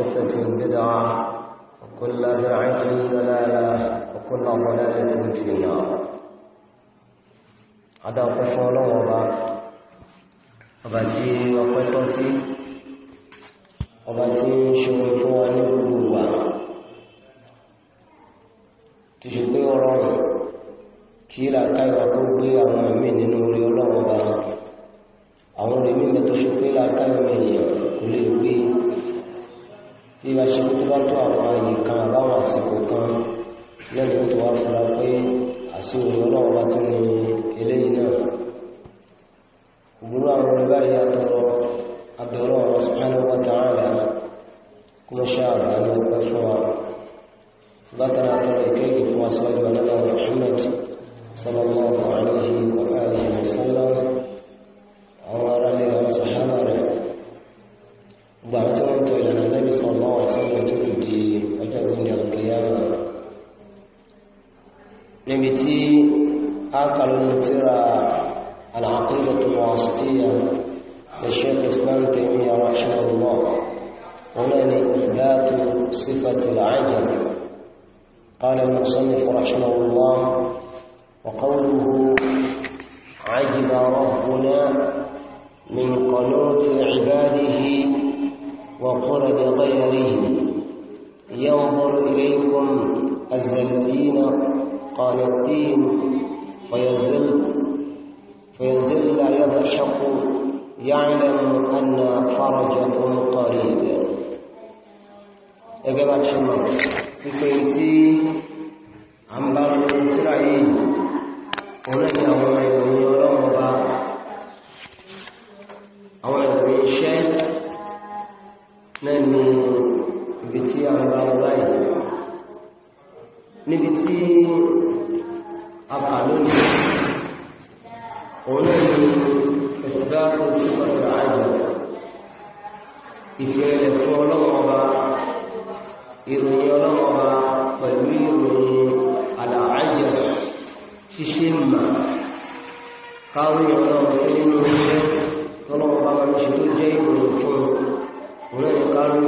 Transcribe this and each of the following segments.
محدثة بدعة وكل بدعة ضلالة وكل ضلالة في النار هذا قفل وبا وباتي وقلتوسي وباتي شرفوا نبوة تشبه رأي كيلا كايرا كوبي أو من نوري الله وبا àwọn orí mímẹ tó ṣe pé láàkáyọ mẹyìn kò lè gbé tí ìbá ṣe tó bá tó àwọn ààyè kan àbáwọn àsìkò kan lẹ́nu tó wá fura pé àsìkò ọlọ́run bá tún ní eléyìí náà òwúrọ̀ àwọn ọ̀rẹ́ báyìí àtọ̀rọ̀ abẹ́rọ̀ àwọn subhanahu wa ta'ala kó mọ́ ṣe àgbà ní ọpẹ́ fún wa bákan àtọ̀rọ̀ ìkẹ́kẹ́ fún aṣọ́jú anáwó Muhammad sallallahu alaihi wa alihi wa sallam àwọn ará àwọn sàhámà rẹ̀ بعد أن أنت إلى النبي صلى الله عليه وسلم تفدي أجر من القيامة نبتي أكل ترى العقيدة الواسطية للشيخ الإسلام تيمية رحمه الله هنا إثبات صفة العجب قال المصنف رحمه الله وقوله عجب ربنا من قنوت عباده وقرب غيره ينظر إليكم الزلين قال الدين فيزل فيزل يضحك يعلم أن فرجكم قريب إجابة الشمس في عن بعض الإسرائيل ونجا tí a kà lónìí òun náà ni ẹ̀sùdá tó sì pàtàkì àjọ ìfìrẹ̀lẹ̀ fún ọlọ́wọ́ ọba ìròyìn ọlọ́wọ́ ọba pẹ̀lú ìròyìn àlàáyà ṣíṣe mà káwé ọlọ́wọ́ tó nínú iṣẹ́ tọ́lọ́wọ́ ọba máa ń jẹ́ ìròyìn fún òun náà ni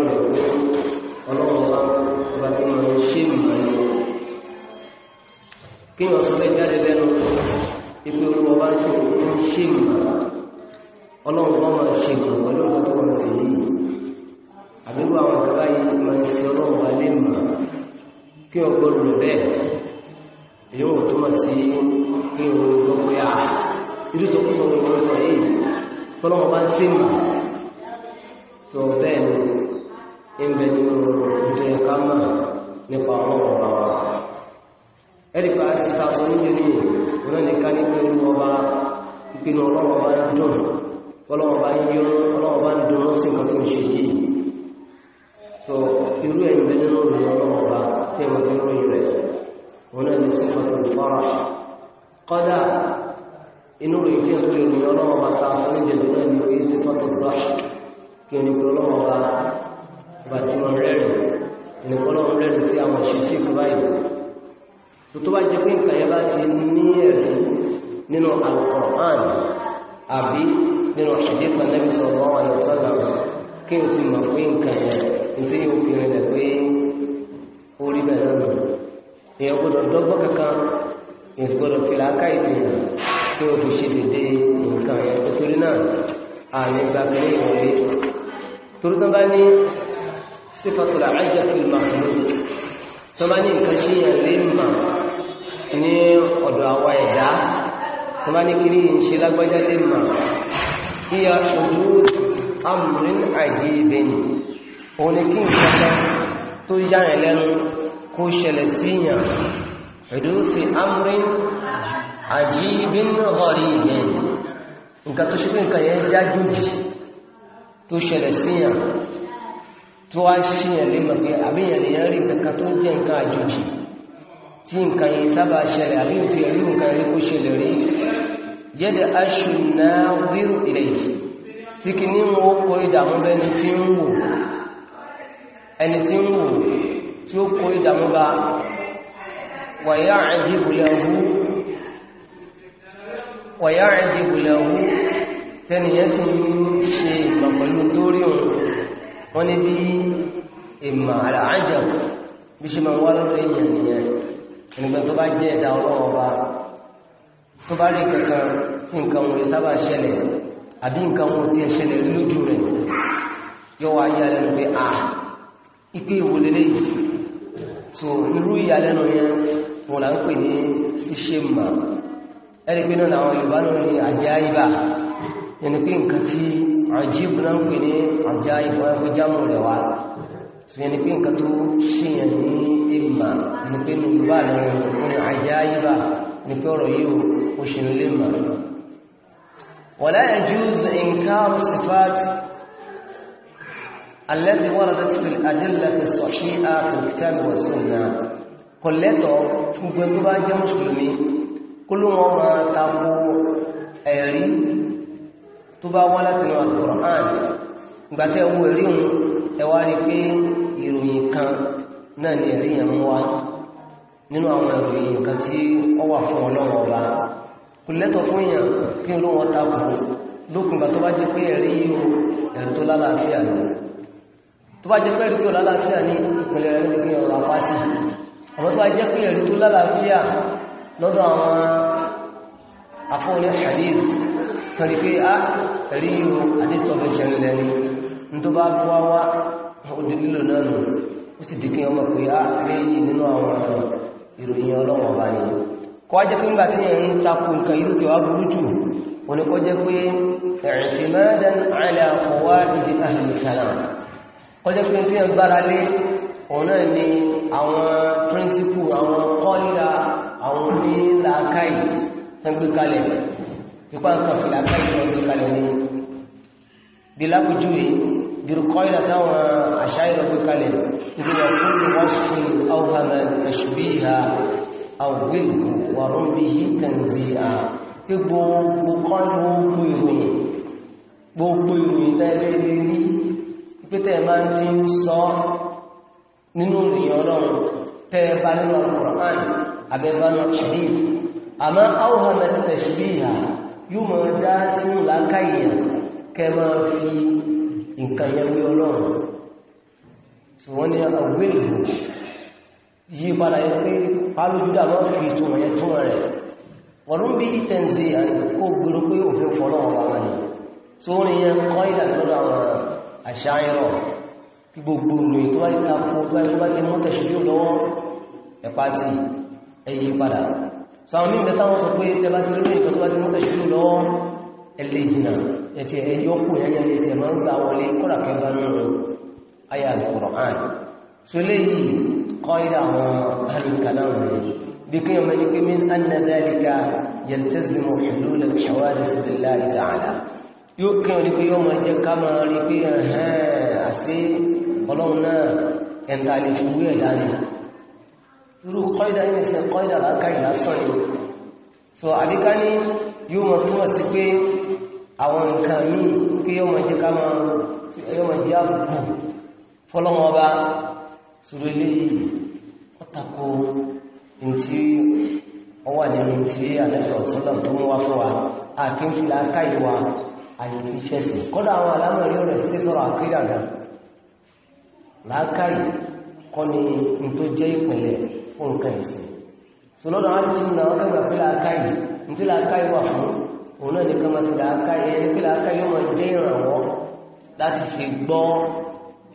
máa ṣe mà ní kí ni ọ̀sán bẹ́ẹ̀ jáde lẹ́nu ipe olúwa bá ń ṣe ń ṣe ìmọ̀ ọlọ́run bá máa ṣe ìmọ̀ pẹ̀lú ọ̀gá tó máa ṣe yìí àbíwá àwọn ìjọba yìí máa ń ṣe ọlọ́run bá lè mọ̀ kí ọgbọ́n rẹ̀ bẹ́ẹ̀ èyí ò túmọ̀ sí kí o ẹ̀rí pa síta sọ nítorí òun ní ká ní pẹ̀lú ọba ìpinnu ọlọ́wọ́ bá ń dùn ọlọ́wọ́ bá ń ń dùn lọ́sìn kan ṣe yìí so irú ẹ̀yìn bẹ́ẹ̀ nínú ìròyìn ọlọ́wọ́ bá tí ẹ̀ máa fi ròyìn rẹ̀ òun náà ní sífàtò ìfọ́ra kọ́dà inú ròyìn tí ẹ̀tọ́ ìròyìn ọlọ́wọ́ bá ta sọ nítorí náà tó bá jẹ́ pé nǹkan yẹn bá ti ní ẹ̀rí nínú Al-Qur'an àbí nínú hadith Nabi sallallahu alaihi wasallam kí n ti mọ̀ pé nǹkan yẹn ní tí yóò fi rìnlẹ̀ pé ó rí bẹ̀rẹ̀ lọ èèyàn gbọ́dọ̀ dọ́gbọ́n kankan èèyàn gbọ́dọ̀ fi làákà ìtìyàn kí o fi ṣe dédé bá ní sífàtúlà lè máa ní ọ̀dọ̀ àwa ẹ̀dá tó bá ní kiri ń ṣe lágbájá lè mọ̀ kí a ṣubú amúrin àjí ibẹ̀ ni òun ni kí n kẹta tó yá ẹ̀ lẹ́nu kó ṣẹlẹ̀ síyàn ẹ̀dùnfẹ́ amúrin àjí ibẹ̀ ní ọ̀rí ibẹ̀ ni nǹkan tó ṣe tí nǹkan yìí sábà ṣẹlẹ̀ àbí ti ẹ̀rí nǹkan ẹ̀rí kó ṣẹlẹ̀ rí yẹ́dẹ̀ aṣùnà wírù ilẹ̀ tí kì ní wọ́n kó ìdàmú bẹ́ ẹni tí ń wò ẹni tí ń wò tí ó kó ìdàmú bá wàyá àjíbùlẹ̀hú tẹ́niyẹ́ sí ṣe ìmọ̀ pẹ̀lú torí wọn ni bí ìmọ̀ àlàájẹ̀ bí ṣe máa wá lọ́dọ̀ èèyàn nìyẹn ìgbà tó bá jẹ́ ẹ̀dá ọlọ́run ọba tó bá rí kankan tí nǹkan wọn sábà ṣẹlẹ̀ àbí nǹkan wọn ti ṣẹlẹ̀ lójú rẹ̀ yóò wá yá lẹ́nu pé à ipe ìwòlé léyìí tó irú ìyàlẹ́nu yẹn wọn là ń pè ní ṣíṣe mà ẹni pé náà làwọn Yorùbá náà ní àjá ẹni pé nǹkan tí àjíbù náà ń pè ní àjá ibà ẹgbẹ́ jámù rẹ̀ wà sùn yẹn ni pé nǹkan tó ṣèyàn ní èèmà ni pé ní yorùbá àlọ́ orin àjá yíbà ni pé ọ̀rọ̀ yìí ó ṣe ní lèèmà wala yajuz inkaru sifat التي وردت في الأدلة الصحيحة في الكتاب والسنة كلته فوقتوا بقى مسلمي كل ما تقو أري تبا ولا تنوى القرآن بقى تقو أريهم أواري في ìròyìn kan náà ni ẹ̀rí yẹn mú nínú àwọn ìròyìn kan tí ó wà fún ọlọ́run ọba kò lẹ́tọ̀ fún èèyàn kí olóhun ọta kù kwe ìgbà tó bá jẹ́ pé ẹ̀rí yìí ẹ̀rí tó lálàáfíà ni tó bá jẹ́ pé ẹ̀rí tó lálàáfíà ní ìpínlẹ̀ rẹ̀ ní ọ̀rọ̀ ó di lílò náà nù ó sì di kí ọmọ pé á ah, léyìí nínú àwọn ìròyìn ọlọ́wọ̀n ọba ni kọ́ wá jẹ́ tí ẹ̀ ala qawaid ahli kalam kọ́ jẹ́ pé tí ẹ̀ ń gbára lé òun náà ni àwọn principle àwọn kọ́lá àwọn onílàákàì tó ń gbé kalẹ̀ pípa nǹkan fìlàkàì tó ń ní bí lápòjúwe بيرقايلة تاونا عشائر بكالي يقول كل وصف أوهم تشبيها أو وله ورمه تنزيها يقول قالوا كيري gbogbo ìròyìn tẹ́lẹ̀ rí pẹ́tẹ́ bá ti ń sọ nínú ìròyìn ọlọ́run tẹ́ẹ̀bá nínú Al-Qur'an àbẹ́bá nínú hadith àmọ́ áwọ̀hàn mẹ́tẹ̀ṣbíhà yóò mọ̀ dá sí ìlàkàyẹ̀ kẹ́ máa fi nǹkan yẹn wí ọlọ́run tí wọ́n ní àwẹ́ ah, ìlú yí padà yẹ pé alójúdà máa fi ìtumọ̀ yẹn túnmọ̀ rẹ̀ wọ́n ń bí tẹ̀sí kó gbèrò pé òfin fọlọ́run wà ní tó rí yẹn kọ́ ìdàtọ́dọ̀ àwọn àṣà ẹ̀rọ kí gbogbo ìròyìn tó wáyé takò báyìí bá ti mú tẹ̀síbí lọ́wọ́ ẹ̀pá so àwọn mímẹ́ta wọ́n sọ pé tẹ́bá ti rí nǹkan tó bá ti mú lọ́wọ́ ẹlẹ́jìnà ẹ̀tì ẹ̀yọ́kù yẹn ẹ̀tì ẹ̀ máa ń gbà wọlé kọ́làkẹ́ bá nínú ayà al-Qur'an so léyìí kọ́ ilé àwọn alùkàláwù rẹ̀ bí kí ọmọ ní pé min anna dhalika yaltazimu hulul al lákàrí lásán ni so àbíká ní yóò máa túmọ̀ sí pé àwọn nǹkan míì kí yóò máa jẹ́ ká máa yóò máa jẹ́ àbùkù fọlọ́mọ ọba sọ̀rọ̀ eléyìí wọ́n tako ntí nínú tí àdẹ́sọ̀ sọ́dọ̀ tó mú wá fún wa àkí ń fi láńkà ìwà àyè kọ́dà àwọn alámọ̀rí sí ni tó jẹ́ ìpìlẹ̀ fún nǹkan ìsìn sọlọ́dọ̀ wọn ti sùn náà wọ́n òun náà nìkan máa ti làákàyè ẹni pé làákàyè ó máa jẹ́ ìrànwọ́ láti fi gbọ́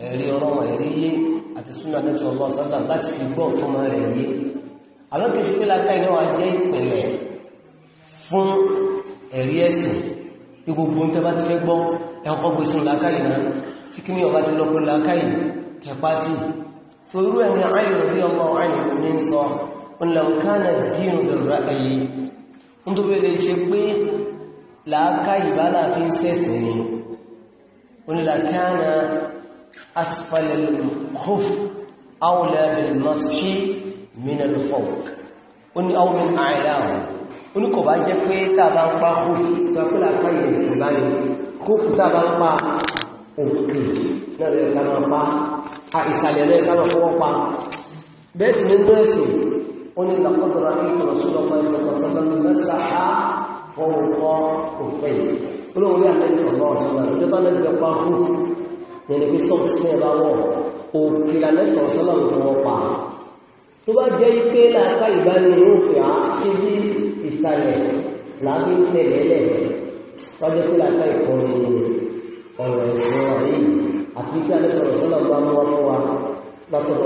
ẹ̀rí ọlọ́wọ́ ẹ̀rí yé àti súnà lẹ́sọ̀ lọ sọ́dà láti fi gbọ́ tó máa rẹ̀ yé àwọn kìí ṣe pé làákàyè náà wà jẹ́ ìpìlẹ̀ fún ẹ̀rí ẹ̀sìn bí gbogbo ń tẹ́ bá ti fẹ́ gbọ́ ẹ̀kọ́ gbé sínú làákàyè náà tí kí ní ọba ti lọ làákàyè kẹpátì so irú àyè ń tó bẹ̀rẹ̀ ṣe pé làákà ìbálà fi ń sẹ́sì ni onílàkánà asfalilkhuf awla bilmashi minal fawq oní awmin àìláhù oní kò bá jẹ́ pé tàbá ń pa khuf gbapẹ́ làákà ìrìnsì báyìí khuf tàbá ń pa òkè náà lè ká máa pa àìsàlẹ̀ lè ká máa fọwọ́ pa bẹ́ẹ̀ sì ní bẹ́ẹ̀ fọ́wọ́kọ́ òfẹ́ olóòrí àmẹ́sàn náà sọ́nà ìjọba lẹ́gbẹ̀ẹ́ pa fún nínú pé sọ́ọ̀sì ẹ̀bá wọ̀ òkè àmẹ́sàn sọ́nà ìjọba pa tó bá jẹ́ ipé láàká ìbánirúfẹ́ á sí bí ìsàlẹ̀ lábí tẹ̀lẹ́lẹ̀ wájẹ́ pé láàká ìkọrin ọ̀rọ̀ ẹ̀sìn wáyé àti tí àmẹ́sàn sọ́nà bá mú wá fún wa látọ̀dọ̀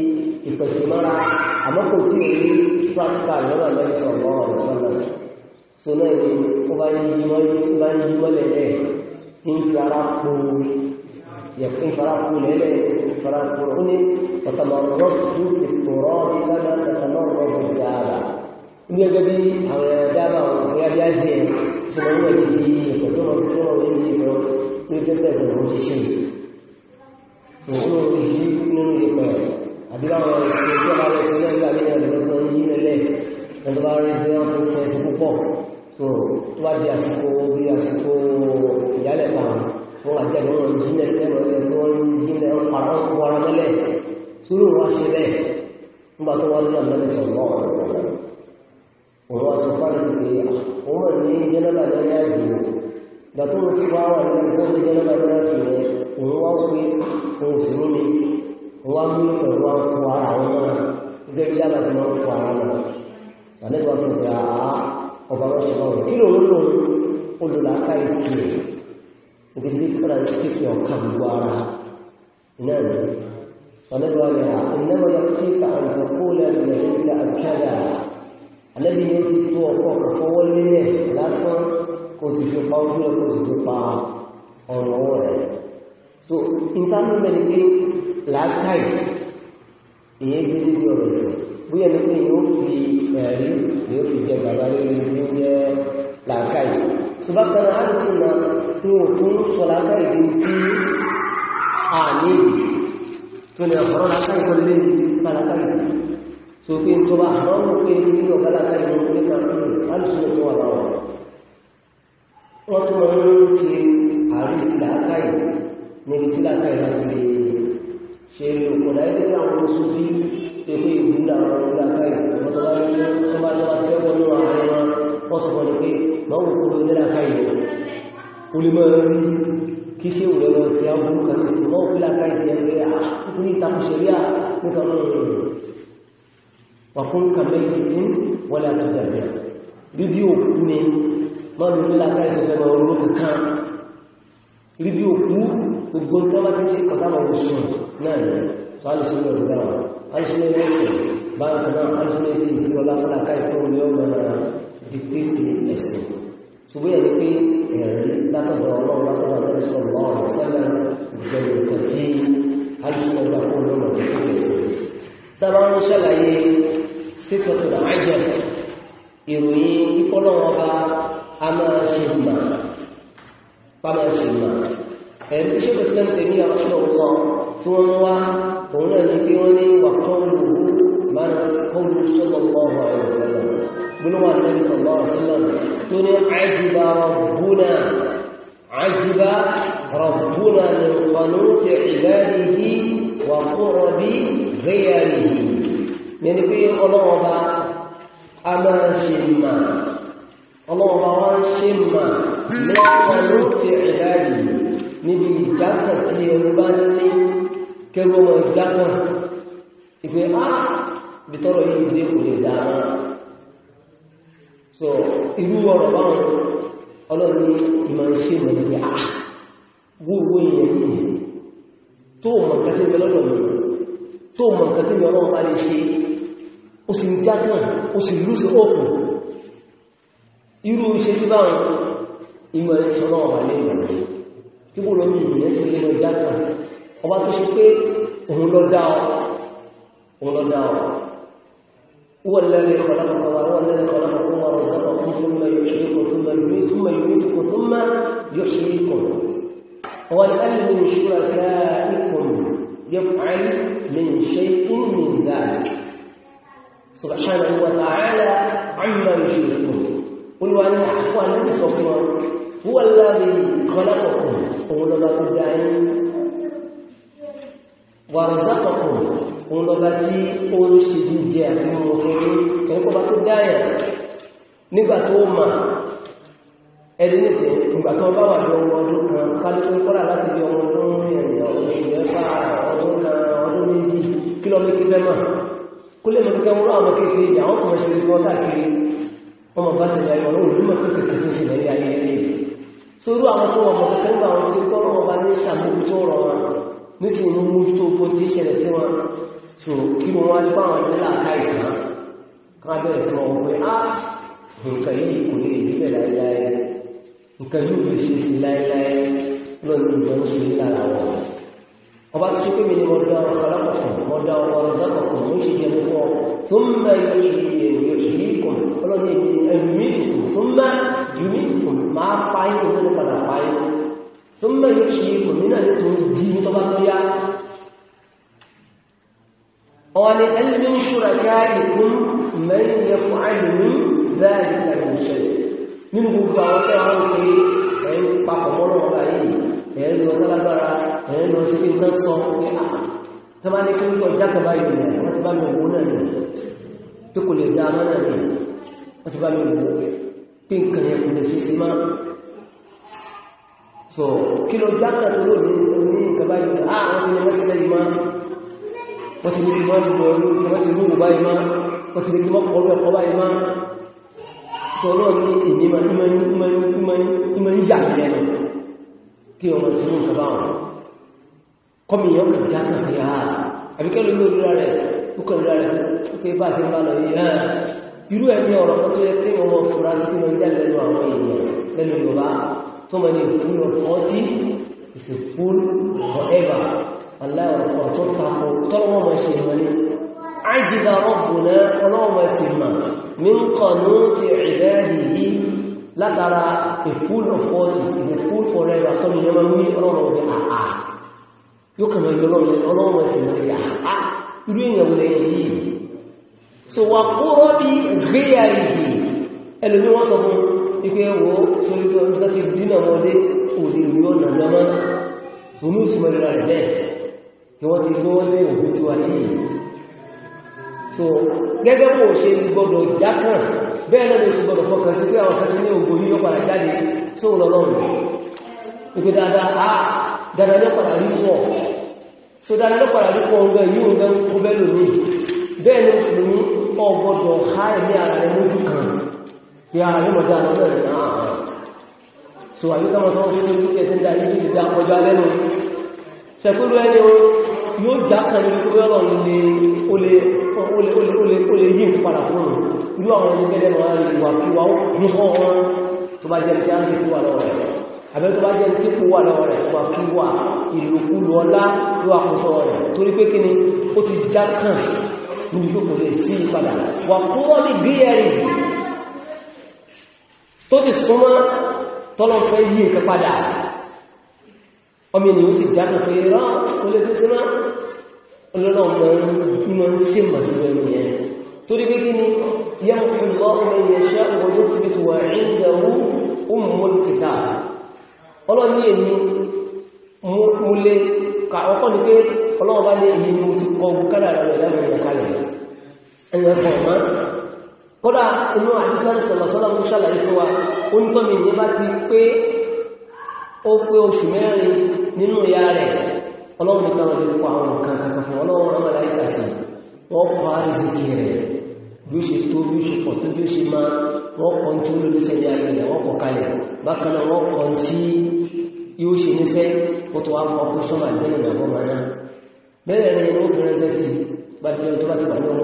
ìpẹ̀sìmọ́ra àmọ́ kò tí ì rí practical lọ́nà lẹ́yìn sọ̀rọ̀ ọ̀rọ̀ sọ́nà so náà ni ó bá yí mọ́lẹ̀ ẹ̀ ń fi ara kó yẹ̀kún fara kó lẹ́lẹ̀ fara kó ó ní tọ̀tọ̀mọ̀rọ̀ tó fi tòrọ́ lọ́nà tọ̀tọ̀mọ̀rọ̀ dára ní ẹgbẹ́ bí àwọn dára àwọn ọ̀rẹ́ bí ajé ẹ̀ tó mọ̀ níwẹ̀ níbi ẹ̀kọ́ tó mọ̀ tó mọ̀ níbi ẹ̀kọ́ ní pẹ́pẹ́ ìgbọ̀n ṣiṣẹ́ òun ò rí nínú ìpẹ́ bí láwọn ẹ̀sìn tí ọba ẹ̀sìn náà gbà ní ẹ̀rọ sọ yí lẹ́lẹ̀ ẹni tó bá rí bí wọ́n ti sọ ẹ̀sìn púpọ̀ tó tó bá di àsìkò bí àsìkò ìyálẹ̀ pa fún àti àwọn ọmọ ìjìnlẹ̀ lẹ́nu ẹ̀rọ tó ń jìnlẹ̀ ń para ń wọra mẹ́lẹ̀ tó ló wá ṣe bẹ́ẹ̀ nígbà tó wá ní àmẹ́lẹ̀ sọ̀rọ̀ òun wá sọ fáwọn ìpè àwọn ọmọ ní jẹ́nẹ́bà wọ́n mú pẹ̀lú àpò ara wọn náà gẹ́gẹ́ bí dábàá sí máa ń pọ̀ ara wọn lànàbà sọ pé àá ọba wọn ṣe lọ́rùn kí lòun lò olùlàkà ìtì rẹ̀ nígbèsí bí kọ́ra ní kéèké ọ̀ka gbogbo ara náà ni lànàbà rẹ̀ à ìnáwó yẹ kí ká àǹtà kó lẹ́nu so ìtàkùn mẹ́rin pé làákàyè èyí bí níbi ọ̀rọ̀ ẹ̀sìn bóyá ní pé yóò fi ẹ̀rí yóò fi jẹ bàbá lórí tí ń jẹ làákàyè ṣùgbọ́n kan náà á sì máa tí wọn tó ń sọ làákàyè di tí a níbi tó ní ọ̀rọ̀ làákàyè tó lé nípa làákàyè tó pé tó bá àwọn ọmọ pé ní ọ̀gá làákàyè ló ní kan á tó wà láwọn ṣeré òkúta ẹgbẹ́ ní àwọn oṣù tí pépé ìgbúdà àwọn ọ̀gá káyì wọ́n sọ bá ní tó bá lọ́wọ́ sí ẹgbẹ́ ní àwọn ọmọ wọ́n sọ fọ́ ni pé máa wò kúrò nílà káyì rẹ̀ ó lè máa rí kí ṣé òun ẹ̀rọ sí àbúrú kan ní sí máa kúrò káyì tí ẹgbẹ́ rídíò òkú ni máa lò nílà káyì tó fẹ́ máa rídíò òkú gbogbo tó bá ṣe kọ̀tà máa náà ni so a lè ṣe ní ọdún dáwọn a lè ṣe ní ẹ̀sìn báńkì náà a lè ṣe ní ẹ̀sìn ìlú ọláfọláká ìfún ní ọmọ náà dìtẹ́tì ẹ̀sìn ṣùgbọ́n yẹn pé ẹ̀rí látọ̀dọ̀ ọlọ́run látọ̀dọ̀ àtọ́jú sọ̀rọ̀ ọ̀rọ̀ sẹ́lẹ̀ ìjọba nǹkan tí a lè ṣe ní ọdún àkókò lọ́nà dìtẹ́tì ẹ̀sìn dábàá ń tí wọ́n wá òun náà ni pé wọ́n ní wàkọ́ọ̀lù máa kọ́ọ̀lù sallallahu alaihi wasallam gbólówà tẹ́lẹ̀ sallallahu alaihi wasallam tó ní ajiba rabbuna ajiba rabbuna min qanuti ibadihi wa qurbi ghayrihi yẹni pé ọlọ́wọ́ba a máa ṣe mà ọlọ́wọ́ba wá ń ṣe mà min qanuti ibadihi níbi ìjákàtí ẹnu bá ní kẹrù ọmọ ìjákan ìpé á bìtọ́rọ̀ yìí dé kò lè dáa so irú ọ̀rọ̀ báwọn ọlọ́run ìmọ̀ ṣe mọ̀ ní à gbogbo ìyẹn yìí tó mọ̀ nǹkan sí ìbẹ̀lọ́dọ̀ mi tó mọ̀ nǹkan tí ìyọ́nà bá lè ṣe ó sì ń jákan ó sì lùsì òkùn irú iṣẹ́ sí ọba tó ṣe pé òun ló dá ọ òun ló dá ọ هو الذي خلقك وهو الذي خلقكم ورزقكم ثم يحييكم ثم ثم يميتكم ثم يحييكم من شركائكم يفعل من شيء من ذلك سبحانه وتعالى عما يشركون قل وان اخوانكم هو الذي خلقكم وهو الذي wàrọ̀sápọ̀pọ̀ òun lọba tí ó ń ṣe jíjẹ àti mọ̀ fún kẹ́kọ́bá tó dáyà nígbà tó mà ẹdínlẹ̀sẹ̀ nígbà tó bá wà ní ọmọ ọdún kan kálùkù kọ́lá láti bí ọmọ ọdún mẹ́rin ọdún mẹ́fà ọdún kan ọdún méjì kí lọ mẹ́kí fẹ́ mà kó lè mọ̀ kíkẹ́ wúrọ̀ àwọn kéèké ìyà wọn kọ̀mọ̀ ṣe lọ káàkiri wọn mọ̀ bá sì láyé wọn lóòrùn mọ̀ kéèké tó ṣe lẹ́yìn ayé ilé sorú àwọn tó wọn mọ̀ kẹ́kẹ́ nígbà nísìnyí ń mójútó ogun tí ìṣẹ̀lẹ̀ sí wọn tó kí ni wọ́n bá wọn nílà ká ìtàn ká bẹ̀rẹ̀ sí wọn pé á ah, nǹkan yìí kò lè débẹ̀ láéláé nǹkan yìí ò lè ṣe sí láéláé lọ́nà ìjọ ń ṣe lára wọn. ọba tó sọ pé mi ni mo dá ọmọ sálákọ̀kọ̀ mo dá ọmọ sálákọ̀kọ̀ tó ń mẹ́rin ṣe kò ní náà tó jí ní tọba tó yá ọwọ́ ni ẹlùmí ń ṣúra káàkùn mẹ́rin yẹ fún àìlú bẹ́ẹ̀rẹ̀ ìlànà ìṣẹ̀lẹ̀ nínú gbogbo àwọn tẹ́ wọ́n pé ẹ̀yìn papọ̀ mọ́rọ̀ ọ̀la yìí ẹ̀yìn lọ sálágbára ẹ̀yìn lọ sí iná sọ pé tó bá ní kíríkọ̀ jákàbá yìí rẹ̀ wọ́n ti bá mi wò náà rẹ̀ tó kò lè dá mọ́ náà rẹ̀ wọ́n ti bá mi wò pé nǹkan yẹn kò lè ṣe sí máa so kí ló jákà tó ló ní ní ìkàbá ìgbà àwọn ti ní mẹ́sílẹ̀ ah, ìmá wọ́n ti ní ìmá ìgbà ọlú wọ́n ti ní ìgbà ìmá wọ́n ti ní kíwọ́ pọ̀lú ẹ̀kọ́ bá ìmá tó náà ní ìníma ìmá ìyà ìrẹ́nu kí ọmọ sí ní ìkàbá wọn kọ́mì yọ kà jákà ah, kí á àbíkẹ́ ló lórí rẹ̀ ó kọ̀ lórí rẹ̀ ó pé bá ti ń bá lọ yìí hàn ah, irú lẹ́nu àwọn èèyàn lẹ́nu Yorùbá So many full forty is a fool forever. Allah will control Taco. Tell me my shame, money. عجز ربنا ولوم سما من قنوط عباده لترى a fool of forty is a fool forever tó ní ẹmọ ní ọlọ́run ọdún àá ah, ah. yóò kàn máa yọ ọlọ́run ọlọ́run ẹ̀sìn lórí àá irú èèyàn wọlé yìí so wà kúrọ́ bí gbéyàrí yìí ẹlòmí ike wo torí pé ọdún láti dínà wọlé òdí ìlú ọ̀nà lọ́mọ inú ìsìnmọ̀lẹ́ra rẹ̀ bẹ́ẹ̀ ni wọ́n ti gbọ́ ní òbí tí wà níyì so gẹ́gẹ́ bó ṣe gbọ́dọ̀ jákàn bẹ́ẹ̀ náà ló sì gbọ́dọ̀ fọkàn sí pé àwọn kan ti ní ògbò ní ọ̀pàdà jáde sóhun lọ́lọ́run ìpé dáadáa dáadáa ní ọ̀pàdà rí fún ọ so dáadáa ní ọ̀pàdà rí fún ọgbẹ́ yíò ń gẹ́ bẹ́ẹ̀ lónìí bẹ́ẹ̀ ni mùsùlùmí ọgbọ́dọ̀ há ẹ̀mí ara rẹ̀ mójú kan pé ara yóò mọ̀ dáadáa lọ́rẹ̀ náà so àyíká wọn sọ fún ní kẹsí dá ilé ìṣẹ́ dá ọjọ́ alẹ́ nù ṣẹ̀kúrú ẹni yóò já kan ní pé ọlọ́run ní ó lè yí nǹkan padà fún òun irú àwọn ẹni gẹ́gẹ́ máa rí ìwà kíwà ó mú sọ wọn tó bá jẹ́ ti á ń ti kúwà lọ́wọ́ rẹ̀ àbẹ́ tó bá jẹ́ ti kúwà lọ́wọ́ rẹ̀ wà kíwà ìlòkulù ọlá ló àkóso rẹ̀ torí pé kíni ó ti já kan níbi tó kò lè sí ìpadà wà kúwọ́ ní bí ẹ̀rì tó sì súnmọ́ tọ́lọ fẹ́ yí nǹkan padà ọmọ ènìyàn sì jáde pé rán kò lè fẹ́ símá ọlọ́nà ọmọ ìmọ̀ ń sí mà sí ẹni yẹn torí pé kí ni yá ń fi lọ ọmọ ènìyàn ṣe ọgbọ̀dún ni pé ọlọ́wọ́ bá lé èmi mú ti kódà inú àdísáàdì sọ̀lọ̀sọ́lá mú ṣàlàyé fún wa ó ní tọ́mì ní bá ti pé ó pé oṣù mẹ́rin nínú ìyá rẹ̀ ọlọ́run nìkan rẹ̀ lórí àwọn nǹkan kankan fún ọlọ́run rẹ̀ mẹ́láìkà sí wọ́n fa ìzìkì rẹ̀ bí ó ṣe tó bí ó ṣe pọ̀ tó bí ó ṣe máa wọ́n kọ́ tí ó ló lẹ́sẹ̀ ni wọ́n fi rẹ̀ sí gbàdúrà tó bá ti wà ní ọmọ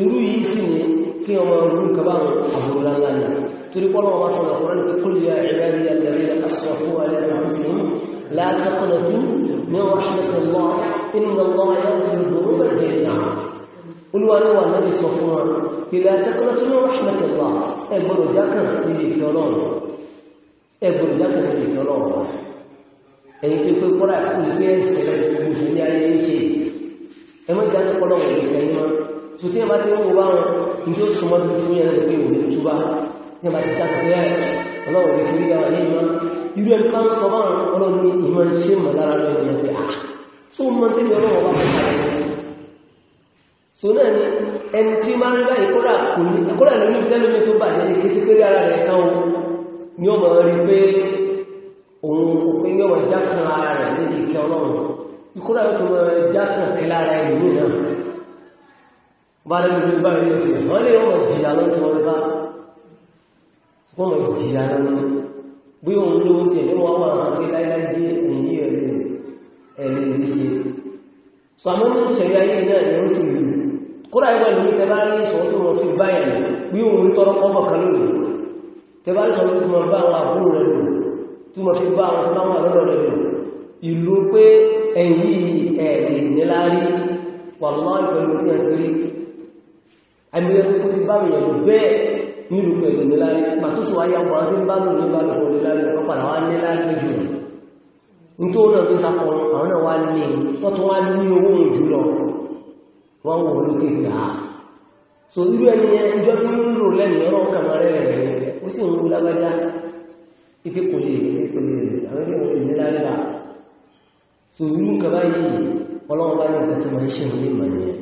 irú yìí sì ní kí ọmọ ọdún kaba àbúrúlá ńlá ní torí pọ́lọ́ ọmọ sọ̀rọ̀ fún ẹni kúlù ya ìrẹ́lẹ̀ alẹ́rẹ́ asọ̀fún alẹ́rẹ́ àmúsùn látàkùnà tó ní ọmọ ṣẹ̀tẹ̀ lọ inú lọ́wọ́ ayọ́ ti gbòòrò bẹ̀rẹ̀ jẹ́ ìyá olúwa ní wà lẹ́bi sọ fún wọn ìlà tẹ́kọ́lá tó ní rahmatul allah ẹgbọ́dọ̀ jákàn níbi ìfẹ́ ọlọ́run ẹgbọ́dọ̀ jákàn níbi ìfẹ́ tó tí ẹ bá ti ń wo bá wọn ní tó súnmọ́ tó fún yẹn lórí òní tó bá ní ẹ̀bá ti jáde pé ọlọ́run lè fi rí ara lẹ́yìn máa irú ẹni ká ń sọ bá wọn ọlọ́run ní ìmọ̀ ṣe mọ̀ lára lọ ìyẹn pé ah tó mọ tí mi ọlọ́run bá ti jáde so náà ni ẹni tí máa ń rí báyìí kódà kò ní kódà lórí tẹ́lómi tó bàjẹ́ ní kéṣí pé ara rẹ̀ kan ni ọmọ rí pé òun kò pé yọ̀wọ̀ ìjà kan ara rẹ̀ níbi ìkẹ́ ọlọ́run kódà ló tó mọ ìjà kan kí lára ẹ̀ nìyí náà bá lè lórí bá ilé sí wọ́n lè wọ́n jìyà lọ tí wọ́n bá wọ́n mọ̀ jìyà lọ ní bí òun ló ti ẹ̀ wọ́n wà wọ́n pé láíláí dé èyí ẹ̀rí ẹ̀rí ẹ̀rí sí so àmọ́ ní ìṣẹ̀lẹ̀ ayé náà ni ó sì rí kódà ìwà ìlú tẹ bá rí sọ tó wọn fi báyà ní bí òun tọrọ kọ́mọ̀ kan lónìí tẹ bá rí sọ tó ìpẹ̀lú tí wọ́n ti rí àìmọ̀lẹ́gbẹ́ kó ti bá mi yẹ̀lú bẹ́ẹ̀ nílùú pẹ̀lú nílárí pàtúsù ayé ọkọ̀ àti ń bá lò ní ìbálò pọ̀ nílárí ọpàdà wá ní lárí jù ní tó náà tó sapọ̀ àwọn náà wá ní wọ́n so irú ẹni ẹjọ́ tí ń lò lẹ́nu ọ̀rọ̀ kàmá rẹ̀ rẹ̀ ó sì ń wú lágbájá ife so irú kàmá yìí ọlọ́wọ́ bá ní nǹkan tí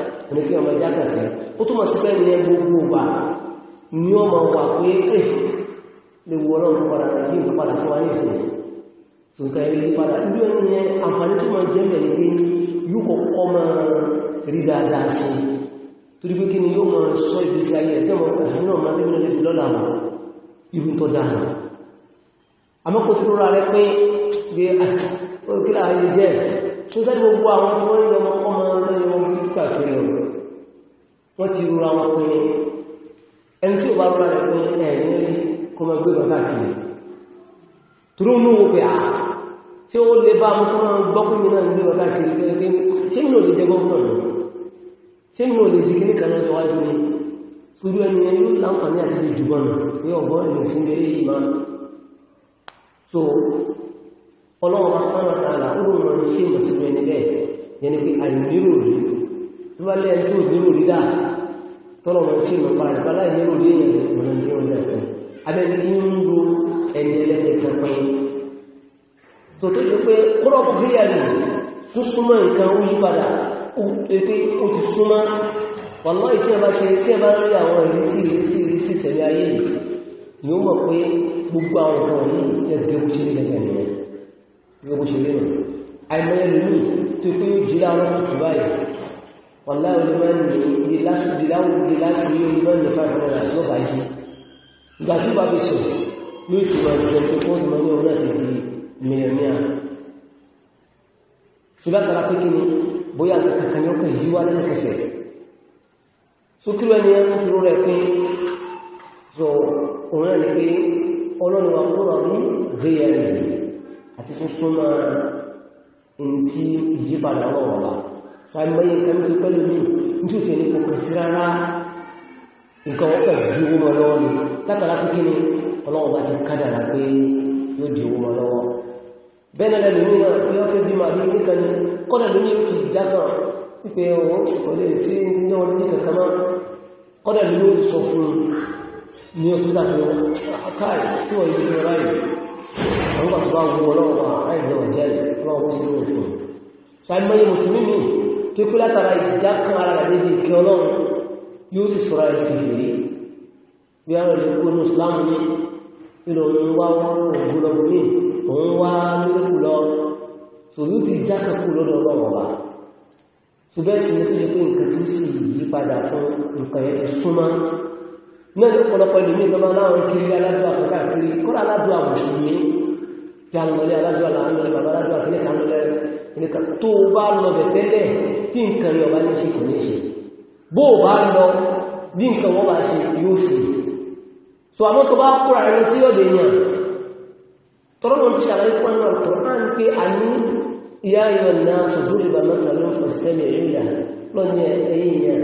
ní kí ọmọ jákà fẹ́ ó túnmọ̀ sí pẹ́ ní gbogbo wà ní ọmọ wà pé ẹ̀ eh, lè wọ ọlọ́run padà tàbí nǹkan padà fún wa ní ìsìn tó nǹkan ilé padà ibi ẹni yẹn àǹfààní tó máa jẹ́ mẹ́rin pé yóò kọ́kọ́ máa rí dáadáa sí torí pé kí ni yóò máa sọ ìgbésí ayé ẹ̀ tẹ́mọ̀ ẹ̀hìn náà máa bíbí lẹ́lẹ́bí lọ́la tó sẹ́ni gbogbo àwọn tí wọ́n ń lọmọ ọmọ lórí wọn bí káàkiri o wọ́n ti rura wọn pé ẹni tí ò bá rura rẹ̀ pé ẹ̀ ní kọmọ gbé lọ káàkiri turu mú wo pé à tí ó lè bá mú kọmọ ni torí ẹni ẹni ló láǹfààní àti ìjùbọ̀nà pé ọ̀gbọ́n ọlọ́run asánà tààlà olóòrùn ní ṣe ìmọ̀síwẹ̀ níbẹ̀ yẹni pé àìnírò rí tó bá lẹ́yìn tó nírò rí dáa tọ́lọ̀ mọ̀ sí ìmọ̀pá rẹ̀ bá láì nírò rí èèyàn ìmọ̀nà tí ó ń lẹ̀kọ́ abẹ́ni tí ń lo ẹni ẹlẹ́ni kan pẹ́ tó tó ti pé kọ́lọ̀ kúrìyà rẹ̀ tó súnmọ́ nǹkan ó yí padà ó pé ó ti súnmọ́ wàlọ́ ìtí ẹ bá ṣe tí ẹ bá àwọn ìrísí ìrísí ìrísí ìtẹ̀lé ayé ni ó mọ̀ pé gbogbo àwọn nǹkan yìí ẹgbẹ́ ó ṣe nílẹ̀ yóò bó ṣe rí nù àìmọye lómi tó pé yóò jí láwọn tuntun báyìí lè máa di láwọn iye lásìkò yóò máa ń ní five hundred and twelve àìsí ìgbà tí di mílíọ̀nìyà ṣùgbọ́n tara pé kí ni bóyá kankan yóò kàn yí wá lẹ́sẹ̀kẹsẹ̀ sókúrò ẹni ni pé ọlọ́run wa kúrò ní rèé ẹni àti tó súnmọ́ ntí ìyípadà náà wà wá fàìmọye nǹkan tó pẹ́lú mi ní òsè ní kòkè sí rárá nǹkan wọ́n pẹ̀ owó lọ́wọ́ ni ni bá ti kádàrà pé yóò di owó lọ́wọ́ bẹ́ẹ̀ àwọn àti bá wọ ọlọ́wọ́ àìjọ ìjẹ́ ọlọ́wọ́ sí òfin ṣàìmọ́yé mùsùlùmí mi tó kú látara ìjà kan ara rẹ̀ níbi ìkẹ́ ọlọ́run yóò sì sọ́ra ẹ̀ kékeré bí àwọn ilé kó ní islam ní ìlò òun wá òun lọ mí òun wá lókù lọ sòrí ti já kan kú lọ́dọ̀ ọlọ́wọ́ wa tó bẹ́ẹ̀ sì ní tó náà lọ́pọ̀lọpọ̀ ìlúmí ìjọba láwọn kiri aládùá tó káàkiri kọ́lá aládùá mùsùlùmí tí a lọ́lẹ́ aládùá láàrín bàbá aládùá kí ní ká lọ́lẹ́ ìníkà tó bá lọ bẹ̀ tẹ́lẹ̀ tí nǹkan yọba ní ṣe kò ní ṣe bó bá lọ bí so àmọ́ tó bá kúrà rẹ sí ọ̀dẹ̀ yẹn tọ́rọ mọ̀ ti ṣàlàyé fún àwọn ọ̀tọ̀ á ń pé a ní ìyá ìrọ̀lẹ́ sọ̀dúrì bàbá tàbí sẹ́lẹ̀ ìrìnlẹ̀ lọ́nà ẹ̀yìn yẹn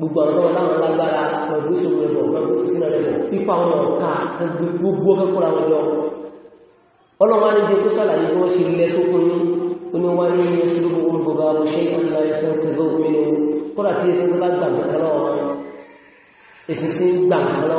gbogbo àwọn ọmọ láwọn lágbára ọdún ìṣòro ẹ̀bọ̀ ọdún ìṣòro ẹ̀bọ̀ pípa àwọn ọ̀ka gbogbo ọkọ̀ àwọn ọjọ́ ọlọ́wọ́ ní jẹ́ kó sàlàyé bí wọ́n ṣe lẹ́ tó fún ní oníwá ní ilé ṣílùkù wọn gbogbo àwọn ṣe ńlá ẹ̀sẹ̀ kẹfẹ́ òmìnir kódà tí ẹsẹ̀ bá gbà mọ́ kálọ́ wọn ẹsẹ̀ sí ń gbà kálọ́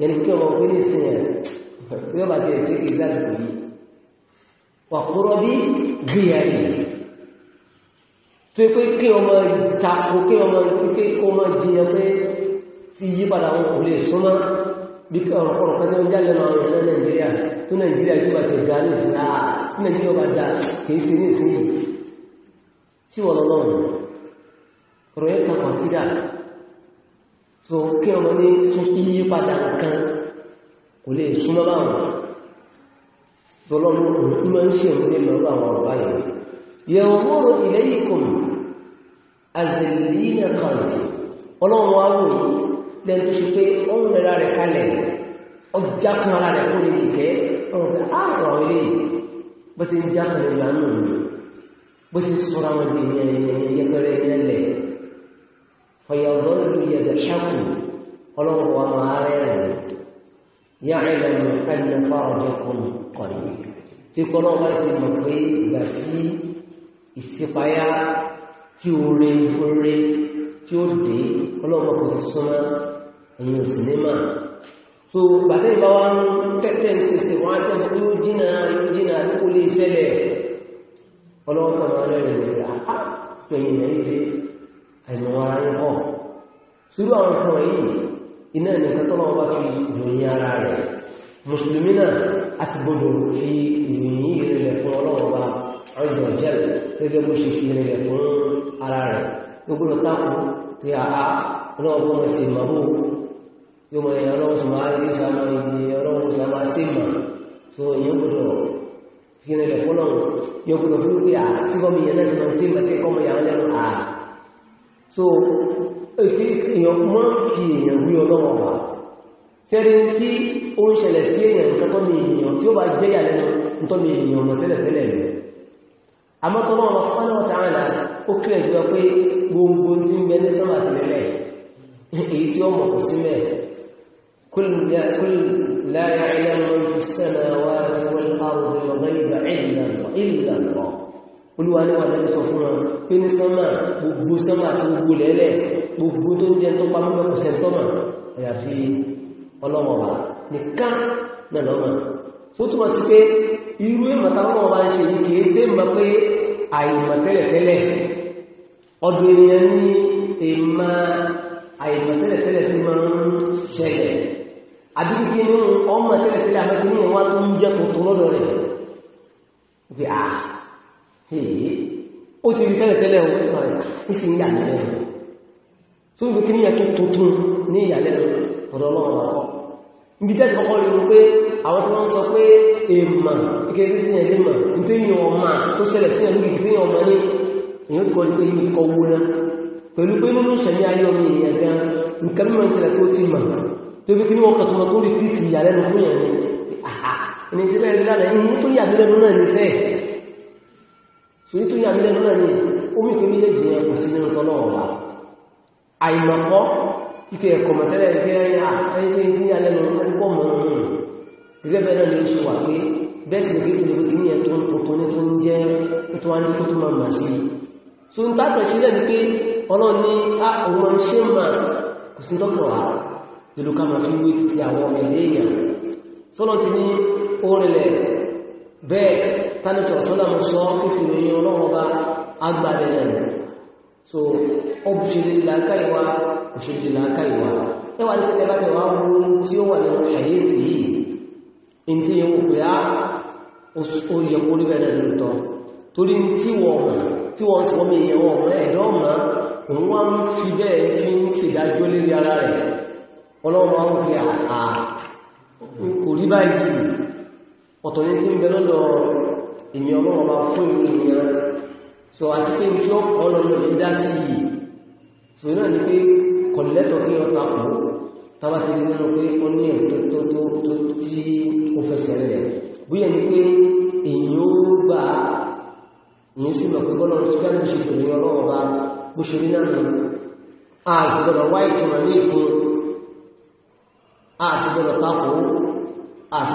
yẹn kí ọmọ òfin nìsín yẹn bí wọ́n bá ti ẹ̀sìn kì í sáà tó yìí wà kúrọ́ bí gbìyànjú tó yẹ pé kí ọmọ tako kí ọmọ kí ọmọ jiyàn pé ti yí padà wọn kò lè súnmọ́ bí ọ̀rọ̀ kọ̀rọ̀ kan tí jáde lọ rẹ̀ lẹ́ nàìjíríà tó nàìjíríà tó bá ti dá ní ìsìn náà tó nàìjíríà bá dá kì í ṣe ní ìsìn yìí tí wọ́n lọ́wọ́ rẹ̀ kàkọ́ kídà so kí ọmọ ní súnfí yípadà nǹkan kò lè súnmọ́ báwọn tọ́lọ́mù ìmọ̀ ń ṣe ní lọ́rọ̀ àwọn ọ̀bá yìí yẹ̀wò mọ́rọ̀ ilẹ̀ yìí kùn azẹ̀lẹ́yìn àkàǹtì ọlọ́run wá wò yìí lẹ́nu tó ṣe pé ọ̀hún rẹ̀ rẹ̀ kalẹ̀ ọjà kan ara rẹ̀ kó lè kìkẹ́ ọ̀hún rẹ̀ àrùn àwọn bó ti ń já kan ìlànà òun bó ti sọ̀rọ̀ فيظل يضحك ولو ومعارنا يعلم أن فرجكم قريب تقول الله اسمك باتي السقايا تيوري كوري تيودي ولو ما كنت سنة المسلمة so gbàtí ìbá wa ń tẹ́tẹ́ ìsẹsẹ̀ wọ́n á tẹ́sí yóò jìnà yóò jìnà ní kò lè ṣẹlẹ̀ ọlọ́wọ́ kan máa lẹ́rìn ìrìn àpá pẹ̀yìn ẹ̀yìn ẹnu wọn arí hàn sírú àwọn nǹkan wọ̀nyí iná nìkan tó máa bá fi ìròyìn ara rẹ̀ mùsùlùmí náà a sì gbọdọ̀ fi ìròyìn ìrìnlẹ̀ fún ọlọ́run bá ọjọ́ jẹ́lẹ̀ gẹ́gẹ́ bó ṣe fi ìrìnlẹ̀ fún ara rẹ̀ gbogbo tákù pé àá ọlọ́run bó mọ̀ sí màmú yóò mọ̀ ẹ̀yà ọlọ́run sì máa rí sàmà ìdí ọlọ́run sì máa sí mà tó ìyẹn gbọdọ̀ fi ìrìnlẹ̀ fún ọlọ́run yóò gbọdọ̀ fún pé à síbọ̀ mi yẹn náà sì máa sí mà tí kọ́ mọ̀ yà á lẹ́nu so ètí èyàn mọ́ fi èyàn wí ọlọ́wọ́ wà tẹ́rí tí ó ń ṣẹlẹ̀ sí èyàn nǹkan tó ní èyàn tí ó bá jẹ́ yà lẹ́nu tó ní èyàn ọmọ tẹ́lẹ̀tẹ́lẹ̀ rẹ̀ àmọ́tọ́nà ọmọ sọ́nà tààlà ó kílẹ̀ sí lọ pé gbogbo tí ń bẹ ó mọ̀ olúwa ní wàdá sọ fún wọn pé ní sánmà gbogbo sánmà àti gbogbo lẹ́lẹ̀ gbogbo tó ń jẹ tó pamọ́ mẹ́kù sẹ́ntọ́mà àyàfi ọlọ́mọba nìkan náà lọ́mọ ó túnmọ̀ sí pé irú ìmọ̀ta ọlọ́mọba ń ṣe yìí kìí ṣe mọ̀ pé àìmọ̀ tẹ́lẹ̀tẹ́lẹ̀ ọdún ènìyàn ní èèmà àìmọ̀ tẹ́lẹ̀tẹ́lẹ̀ tí máa ó ti rí tẹ́lẹ̀tẹ́lẹ̀ ọ̀pọ̀ rẹ̀ ní sí ìyàlẹ́ rẹ̀ tó ń gbókí níyàtọ̀ tuntun ní ìyàlẹ́ rẹ̀ ọ̀dọ̀ ọlọ́run àkọ́ ibi tẹ́sí kọ́kọ́ rí mú pé àwọn tí wọ́n sọ pé èèmà ìkẹrí sí ẹ̀lẹ́ mà nítorí ọmọ tó ṣẹlẹ̀ sí ẹ̀lú ìgbìtì ọmọ ní èèyàn ti kọ́ ní pé yóò ti kọ́ wó ná pẹ̀lú pé nínú ìṣẹ̀lẹ̀ ayé ọmọ èèyàn gan nǹkan mímọ̀ ń ṣẹlẹ̀ tó ti mà tó bí kí ní wọ́n kà tó mọ tó rí kìtì ìyàlẹ́nu fún yẹn ní àhà ní ìṣẹ̀lẹ̀ ìlànà ìyẹn tó yà so ní tó ní àmì lẹ́nu náà ní omi kí méjèèjì yẹn kò sí nínú tọ́lọ́ ọ̀la àìmọ̀kọ́ ikẹ̀ ẹ̀kọ́ mọ̀tẹ́lẹ̀ ẹ̀kẹ́ ẹ̀yẹ ní alẹ́nu ẹ̀kọ́ mọ̀ ọ̀hún gẹ́gẹ́ bẹ́ẹ̀ náà ní oṣù wà pé bẹ́ẹ̀ sì ní kékeré kí ní ẹ̀tọ́ tuntun ní tó ń jẹ́ tó wá ní kó tó máa mà sí so ń tàkàn sílẹ̀ ní pé ọlọ́run ní a òun ṣe mà kò sí dọ́kọ̀ wá nílùú ká máa fi wí ti àwọn ẹ̀lẹ́yà sọ́lọ́ ti ní orinlẹ̀ bẹ́ẹ̀ tánìtì ọ̀sọ́lá mú sọ fífìrò yí ọlọ́run bá rẹ̀ so ó bí ṣe làákà ìwà òṣèlú làákà ìwà ẹwà ní pẹ́lẹ̀ bá ti wá wú tí ó wà nínú ẹ̀yẹ́sì yìí in tí yẹn wò pé á ah, ó yẹ kó rí bẹ́ẹ̀ lóòótọ́ torí tí wọ́n tí wọ́n sì wọ́n mi ah, ah, yẹ ọ̀tọ̀ ní tí ń bẹ lọ́dọ̀ èmi ọlọ́run ọba fún ìlú ìyẹn so àti pé tí ó kọ́ lọ́nà yìí dá sí yìí so náà ni pé kọ̀lẹ́tọ̀ kí wọ́n ta kù tábà ti rí nínú pé ó ní ẹ̀rí tó tó tó tí ó fẹsẹ̀ rẹ̀ bóyá ni pé èyí ó gbà ìyẹn sì mọ̀ pé bọ́lá ọ̀rọ̀ tó bá ní ìṣètò ní ọlọ́run ọba bó ṣe rí náà nù a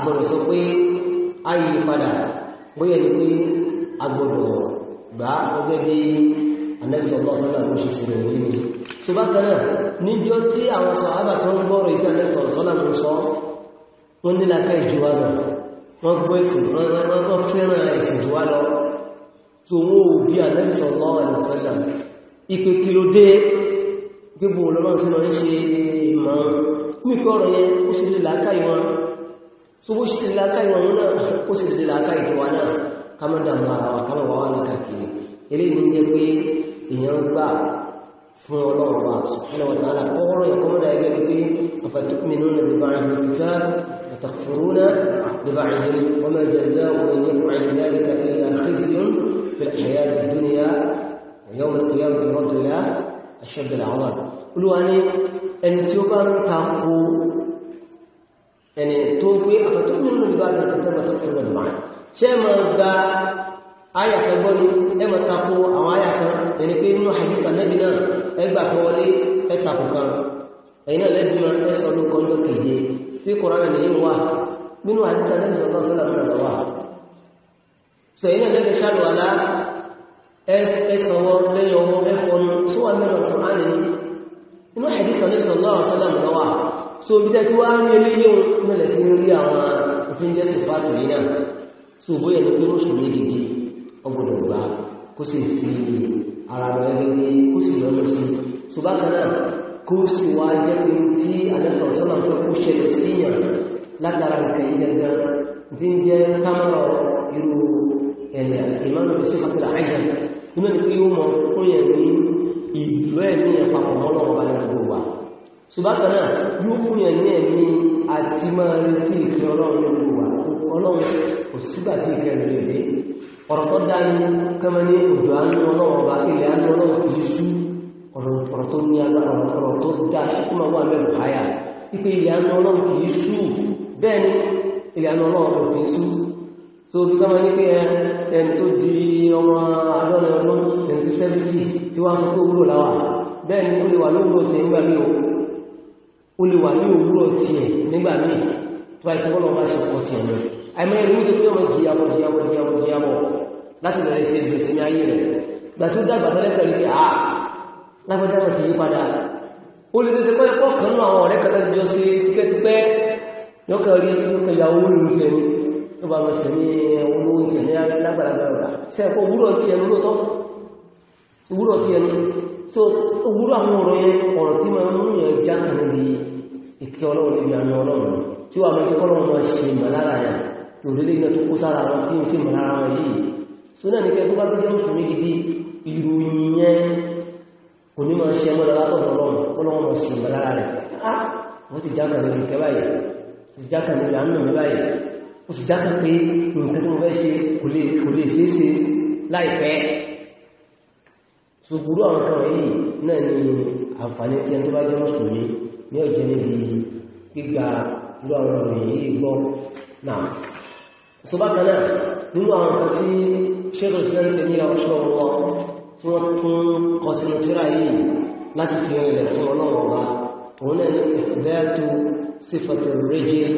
sì sọ pé ayé padà bóyá ni pé a gbọdọ̀ gbà gẹ́gẹ́ bí anẹ́sọ̀lọ́ sọ́nà ló ṣe sílẹ̀ òní ni tó bá kan náà níjọ́ tí àwọn sàhábà tó ń gbọ́rọ̀ èyí tí anẹ́sọ̀lọ́ sọ́nà ló sọ wọ́n ní láká ìjùwà lọ wọ́n gbọ́ ẹ̀sìn wọ́n fẹ́ràn ẹ̀sìn ìjùwà lọ tó wọ́n ò bí anẹ́sọ̀lọ́ ẹ̀sọ̀lọ́ so bó ṣe lákàí wọn náà ó sì lè lákàí tí wà náà kámọ́ dàmú ara wa kámọ́ wà wà lákàkiri ilé ní jẹ́ pé èèyàn gbà fún ọlọ́run wa subhanahu wa ta'ala ọ̀rọ̀ yẹn kọ́mọ́ dàgẹ́ bí pé afatu'minuna bi ba'dil kitab wa takfuruna bi ba'dih wa ma jazaa'u man yaf'alu dhalika illa khizyun fil hayati dunya yawm al-qiyamati rabbil ashadda al-'adab olúwa ni ẹni tí ó bá ń takò يعني تقولي أفتؤمنون ببعض الكتاب وتكفرون ببعض شيء ما دا آية تقولي إما تقو أو آية يعني كي إنه حديث النبينا إبا قولي إتاكو كان أين الذين يسألوا كل كيدي في قرآن الهين واحد منه حديث النبي صلى الله عليه وسلم من الله سأين الذي شال ولا إسوار ليوم إفون سوى من القرآن إنه حديث النبي صلى الله عليه وسلم من الله so ibi tẹ́tí wá rí eléyìí òun nílẹ̀ tí ń rí àwọn òfin jẹ́ sèpáàtì yìí náà so bóyá ní pé mùsùlùmí gidi ọgbọ̀dọ̀ gbà kó sì fi ara rẹ̀ gẹ́gẹ́ kó sì lọ́nà sí so bákan náà kó sì wá jẹ́ pé tí alẹ́sọ̀ sọ́nà tó kó ṣẹlẹ̀ síyàn látara nǹkan yìí gangan tí ń jẹ́ támọ̀rọ̀ irú ni pé ó mọ fún yẹn ṣùgbọ́n náà yóò fún yẹn ní ẹ̀mí àti máa retí ìkẹ́ ọlọ́run ní gbogbo wà ọlọ́run kò sígbà tí ìkẹ́ rẹ̀ lè dé ọ̀rọ̀ tó dání kẹ́mọ́ ní òjò àánú ọlọ́run ọba ilẹ̀ àánú ọlọ́run kì í sú ọ̀rọ̀ tó ní agbára ọ̀rọ̀ tó dá tó máa wà ni ilẹ̀ di ọmọ àádọ́rin ọdún ẹni tó sẹ́fìtì tí wọ́n á sọ pé owúrò láwà bẹ́ẹ̀ ó lè wà ní òwúrọ̀ tiẹ̀ nígbà míì tó bá ikú bọ́lọ̀ bá ṣe pọ̀ tiẹ̀ lọ àìmọ́ ẹ̀rú tó pé wọ́n jìyàwó jìyàwó jìyàwó jìyàwó láti bẹ̀rẹ̀ sí ìbẹ̀rẹ̀ sí ní ayé rẹ̀ gbà tó dàgbà tẹ́lẹ̀ kẹ́rì pé a ah, lágbàjá náà ti yí padà ó lè tẹ́sẹ̀ pẹ́ pọ́ kan náà àwọn ọ̀rẹ́ kan láti jọ sí tipẹ́tipẹ́ yọkàn rí yọkàn ìyàwó lòlù tiẹ̀ ní ló bá lọ sí ní olówó tiẹ̀ ní lágbàlagbà rà sẹ́ẹ̀kọ́ òwúrọ̀ tiẹ̀ ní lóòótọ́ òwúrọ̀ tiẹ̀ ní so òwúrò àwọn ọ̀rọ̀ yẹn ọ̀rọ̀ tí máa ń mú yẹn já kan níbi ìkẹ́ ọlọ́run níbi àmì ọlọ́run tí wàá mẹ́kẹ́ kọ́lọ́run máa ṣe màlára yẹn tó lélé iná tó kó sára wọn tí ń ṣe màlára wọn yìí so náà nìkẹ́ tó bá gbé jẹ́mùsùn mi gidi ìròyìn yẹn kò ní máa ṣe mọ́ra látọ̀dọ̀ ọlọ́run kọ́lọ́run máa ṣe màlára rẹ̀ ah, wọ́n ti já kan níbi ìkẹ́ báyìí wọ́n ti já kan níbi àmì mi báyìí wọ́n ti já kan pé nǹkan tó mo fẹ́ ṣe kò lè ṣeé ṣe láìpẹ́ so àwọn kan wọ̀nyí náà ni àǹfàní tí ẹni tó bá jẹ́ mùsùlùmí ní ọ̀jẹ́ níbi gbígba irú àwọn ọ̀rọ̀ yìí gbọ́ náà so bákan náà nínú àwọn kan tí ṣẹ́gun ìsìlẹ̀ ń tẹ̀lé àwọn ìṣọ́ wọn tí wọ́n tún kọ sínú tíra yìí láti fi rìnlẹ̀ fún ọlọ́run ọba òun náà ní ìfìbẹ́ẹ̀tù sífàtì rijil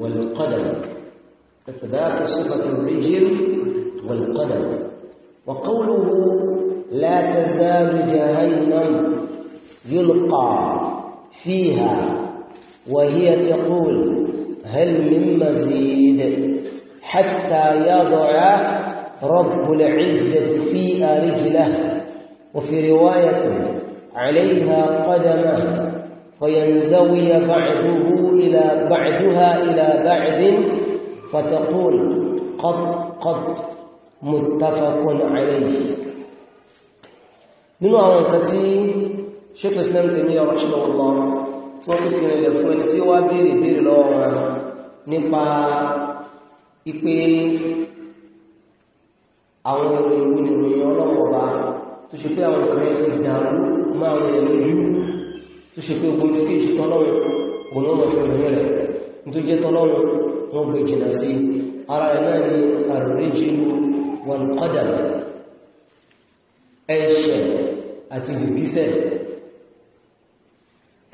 wal qadam ìfìbẹ́ẹ̀tù sífàtì rijil wal qadam wa qawluhu لا تزال جهنم يلقى فيها وهي تقول هل من مزيد حتى يضع رب العزة فيها رجله وفي رواية عليها قدمه فينزوي بعده إلى بعدها إلى بعد فتقول قد قد متفق عليه nínú àwọn nǹkan tí Sheikh Islam Taymiyya rahimahullah tí wọ́n tó fi rìnlẹ̀ fún ẹni tí ó wá béèrè béèrè lọ́wọ́ wọn nípa ipe àwọn ìròyìn ìròyìn ọlọ́wọ́ ọba tó ṣe pé àwọn nǹkan ti dàrú máa ń rẹ̀ lójú tó ṣe pé ogun tí kì ẹ̀ṣẹ̀ àti ìgbésẹ̀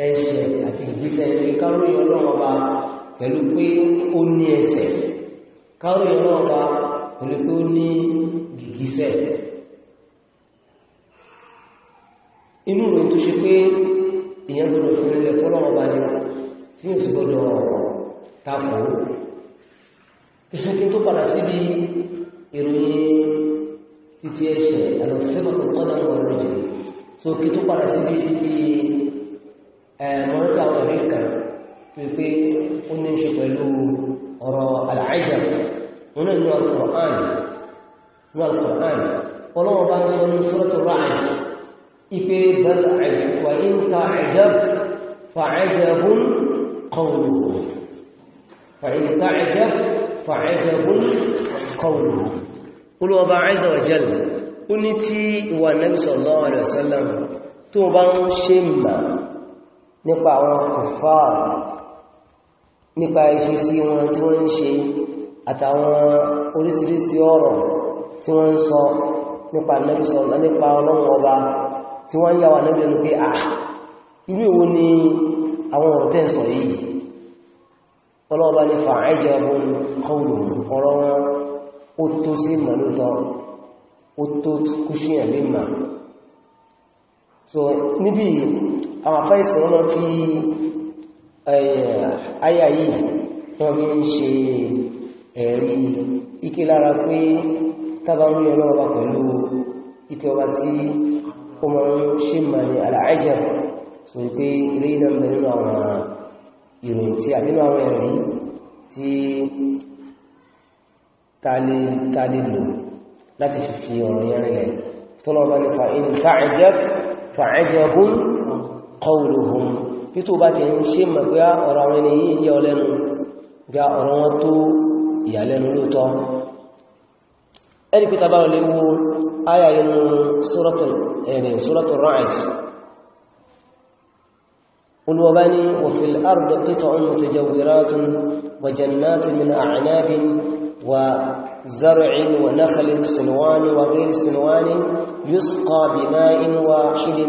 ẹ̀ṣẹ̀ àti ìgbésẹ̀ ní káròyìn ọlọ́run ọba pẹ̀lú pé ó ní ẹsẹ̀ káròyìn ọlọ́run ọba pẹ̀lú pé ó ní gìgísẹ̀ inú ìròyìn tó ṣe pé èèyàn gbọdọ̀ fi rinlẹ̀ fọlọ́run ọba ni tí yóò sì gbọdọ̀ takò kí n tó padà síbi ìròyìn títí ẹ̀ṣẹ̀ àlọ́ sẹ́fọ̀n kọ́dà wọn lójijì so kí tó padà síbi ti mọ́rítà àwọn ẹ̀rí kan tó yẹ pé ó ní ṣe pẹ̀lú ọ̀rọ̀ àlàájá wọn náà ní Al-Qur'an ní Al-Qur'an ọlọ́wọ́n bá ń sọ ní sọ́tò ráàj ipe bẹ́ẹ̀ wà ó ní tí ìwà Ànábì sallallahu alaihi wasallam tó bá ń ṣe mà nípa àwọn kùfà nípa iṣẹ́ sí wọn tí wọ́n ń ṣe àtàwọn oríṣiríṣi ọ̀rọ̀ tí wọ́n ń sọ nípa Ànábì sallallahu nípa ọlọ́run ọba tí wọ́n ń ah, ni àwọn ọ̀rọ̀ tẹ́ ń sọ ó tó kúṣíyàn lè máa so níbi àwọn afẹ́ìsìn wọ́n máa fi àyà yìí wọ́n bí ń ṣe ẹ̀rí ike lára pé tábàrú yẹn lọ́wọ́ bá pẹ̀lú ike ọba tí ó máa ń ṣe mà ní àlàájẹ́ so pé ilé iná ń bẹ nínú àwọn ìròyìn tí àbínú àwọn ẹ̀rí tí ta lò láti fi fi ọ̀rọ̀ yẹn rẹ̀ tọ́lọ́bá ní fa'in ta'ajab fa'ajabun qawluhum bí tó bá ti ń ṣe mọ̀ pé ọ̀rọ̀ àwọn ẹni yìí yẹ ọlẹ́nu já ọ̀rọ̀ wọn tó ìyàlẹ́nu lóòtọ́ ẹni pé tàbára lè wo áyà inú eh, زرع ونخل سنوان وغير سنوان يسقى بماء واحد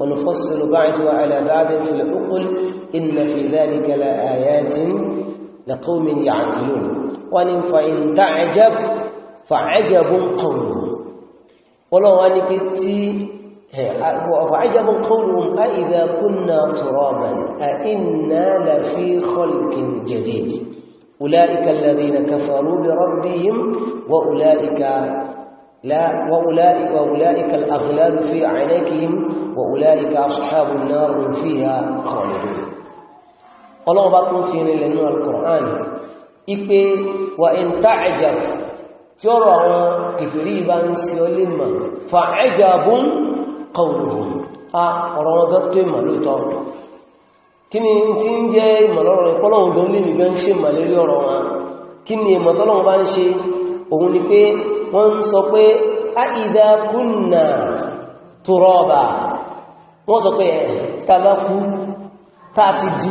ونفصل بعدها على بعد في العقل إن في ذلك لآيات لقوم يعقلون وإن فإن تعجب فعجب قوله ولو أنك تي فعجب قولهم أئذا كنا ترابا أئنا لفي خلق جديد أولئك الذين كفروا بربهم وأولئك لا وأولئك, وأولئك الأغلال في أعناقهم وأولئك أصحاب النار هم فيها خالدون ọlọ́run bá tún fi rinlẹ̀ nínú al-Qur'an ipé wà in ta'ajab tí ọ̀rọ̀ àwọn kèfèrí bá ń sí ọlé mà fa'ajabun qawluhum a ọ̀rọ̀ wọn gọ́ tó ìmọ̀ lóòtọ́ kí ni tí ń jẹ́ ìmọ̀lọ́rọ̀ rẹ̀ pọ́lọ́run gan lè nìgan ṣe màlérí ọ̀rọ̀ wọn kí ni ìmọ̀tọ́lọ́run bá ń ṣe òun ni pé wọ́n ń sọ pé àìdá kúnnà tùrọ́ọ̀bà wọ́n sọ pé tàbá kú tàti di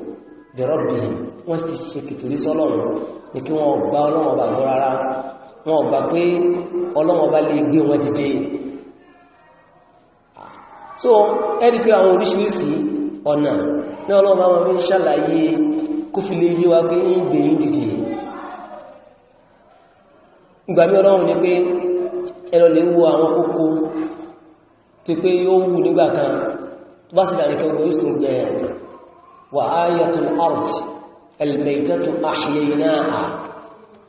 bẹ̀rọ̀bì wọ́n ti ṣe kìfìrí sọ́lọ́run ní kí wọ́n gba ọlọ́wọ́ bá gbọ́ rárá wọ́n gbà pé ọlọ́wọ́ bá lè gbé wọn dìde so ẹni pé àwọn oríṣiríṣi ọ̀nà ní ọlọ́wọ́ wọn fi ń ṣàlàyé kó fi lè yé wa pé ń gbé yín dìde ìgbà mí ọlọ́wọ́ ni pé ẹlọ lè wo àwọn kókó tó pé yóò wù nígbà kan bá sì dàrí kẹwàá yóò tún gbẹ̀ẹ́ وآية الأرض الميتة أحييناها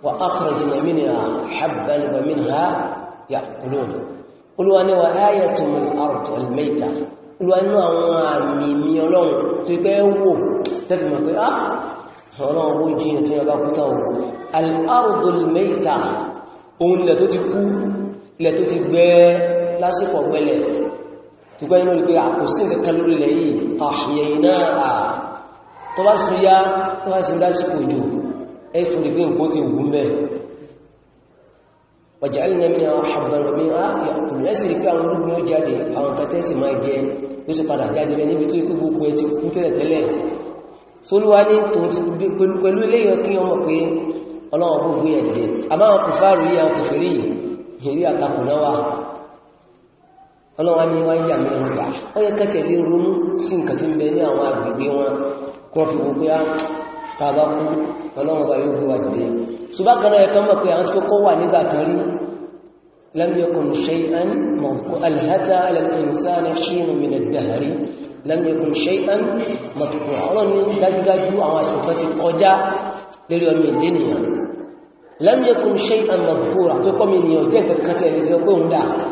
وأخرجنا منها حبا ومنها يأكلون قل أنا وآية من الأرض الميتة قل أنا وميميولون تبيو تفهم أقول أه أنا أقول جينة يبقى الأرض الميتة أقول لا تتكو لا تتبع لا سيقوى ولا تقول أنا لك أقول سنك كالوري لأيه أحييناها tó bá sùn yá tó bá sì lásìkò òjò ẹ̀sùn rí pé nǹkan ti wù mẹ́ ọjà ilẹ̀ mi àwọn àbàrùn-ún ẹ̀sìn rí pé àwọn olóògbé ó jáde àwọn kan tẹ́sì máa jẹ ló sì padà jáde rẹ níbi tó ikú gbogbo ẹ ti kú tẹ́lẹ̀tẹ́lẹ̀ sólúwá ní tòun ti pẹ̀lú pẹ̀lú eléyàn kí ọmọ pé ọlọ́wà ní wọ́n yà mẹ́rin gbà ó yẹ kẹ́tẹ̀ lè ronú sí nǹkan tí ń bẹ ní àwọn agbègbè wọn kí wọ́n fi gbogbo á tàbá kú ọlọ́wọ́n bá yóò gbéwà jìdẹ̀ ṣùgbọ́n kan náà kan mọ̀ pé àwọn tí kókó wà nígbà kan rí lam yakun shay'an alhata ala al-insani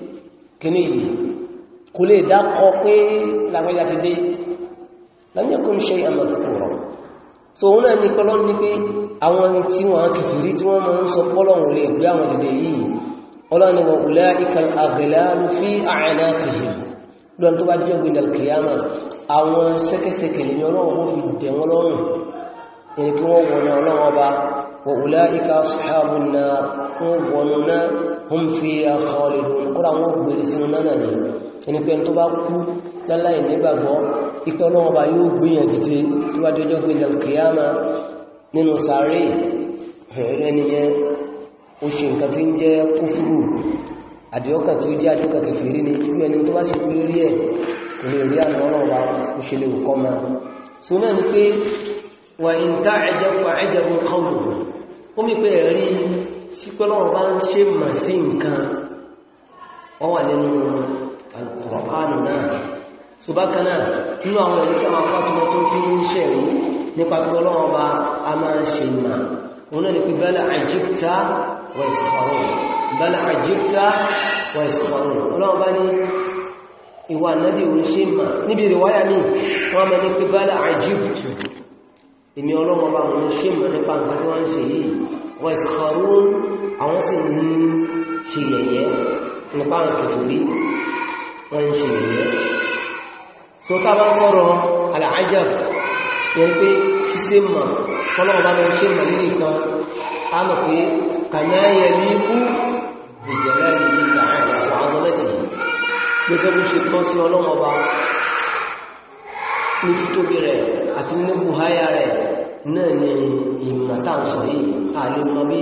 kíní yìí kò lè dákọ pé lágbàjá ti dé lámíẹ̀kùn ṣe àmàtùkùrọ̀ so òun náà ní pọ́lọ́ ní pé àwọn tí wọ́n kìfìrí tí wọ́n máa ń sọ pọ́lọ̀ wọ́n lè gbé àwọn dìde yìí ọlọ́ni wọ ulaika al-aghlalu fi a'naqihim lọ́n tó bá jẹ́ ògbìn al àwọn sẹ́kẹsẹkẹ lè ọlọ́wọ́ wọ́n fi dẹ̀ lọ́rùn yẹni wọ́n wọ̀nà ọlọ́wọ́ bá wọ ulaika ashabun wọ́n wọ̀nà hum fiha khalidun kúrò àwọn ògbèrè sínú náà ni ẹni pé tó bá kú láláì nígbàgbọ́ ipẹ́ ọlọ́wọ́ bá yóò gbìyàn dìde tó bá jọjọ́ pé lalkiyama nínú sàárè ẹ̀rẹ́ nìyẹn ó ṣe nǹkan tí ń jẹ́ kúfúrù àdíọ́kà tí ó jẹ́ àdíọ́kà kèfèrí ni irú ẹni tó bá sì kú lérí tí pẹ́lọ́wọ́ bá ń ṣe mà sí nǹkan wọ́n wà nínú alkùránù náà so bákanáà nínú àwọn ẹ̀lú tí àwọn afátumọ́ tó fi ń ṣẹ̀ rí nípa pẹ́lọ́wọ́ bá a máa ṣe mà wọn náà ni pé bẹ́lẹ̀ àjíkta wà ìsìkọrọ̀ bẹ́lẹ̀ àjíkta wà ìsìkọrọ̀ ọlọ́wọ́ bá ní ìwà náà bí wọ́n ṣe mà níbi ìrìwáyà ní wọ́n èmi ọlọ́wọ́ bá wọn ṣe mọ̀ nípa nǹkan tí wọ́n ń ṣe yìí wọ́n ìsìkọrú àwọn sì ń ṣe yẹ̀yẹ́ nípa àkẹfòrí wọ́n ń ṣe yẹ̀yẹ́ so tá bá sọ̀rọ̀ aláàjá yẹn pé ṣíṣe mọ̀ kọ́lọ́wọ́ bá ní títóbi rẹ̀ àti ní buhaya rẹ̀ náà ni ìmọ̀ táà sọ yìí a lè mọ bí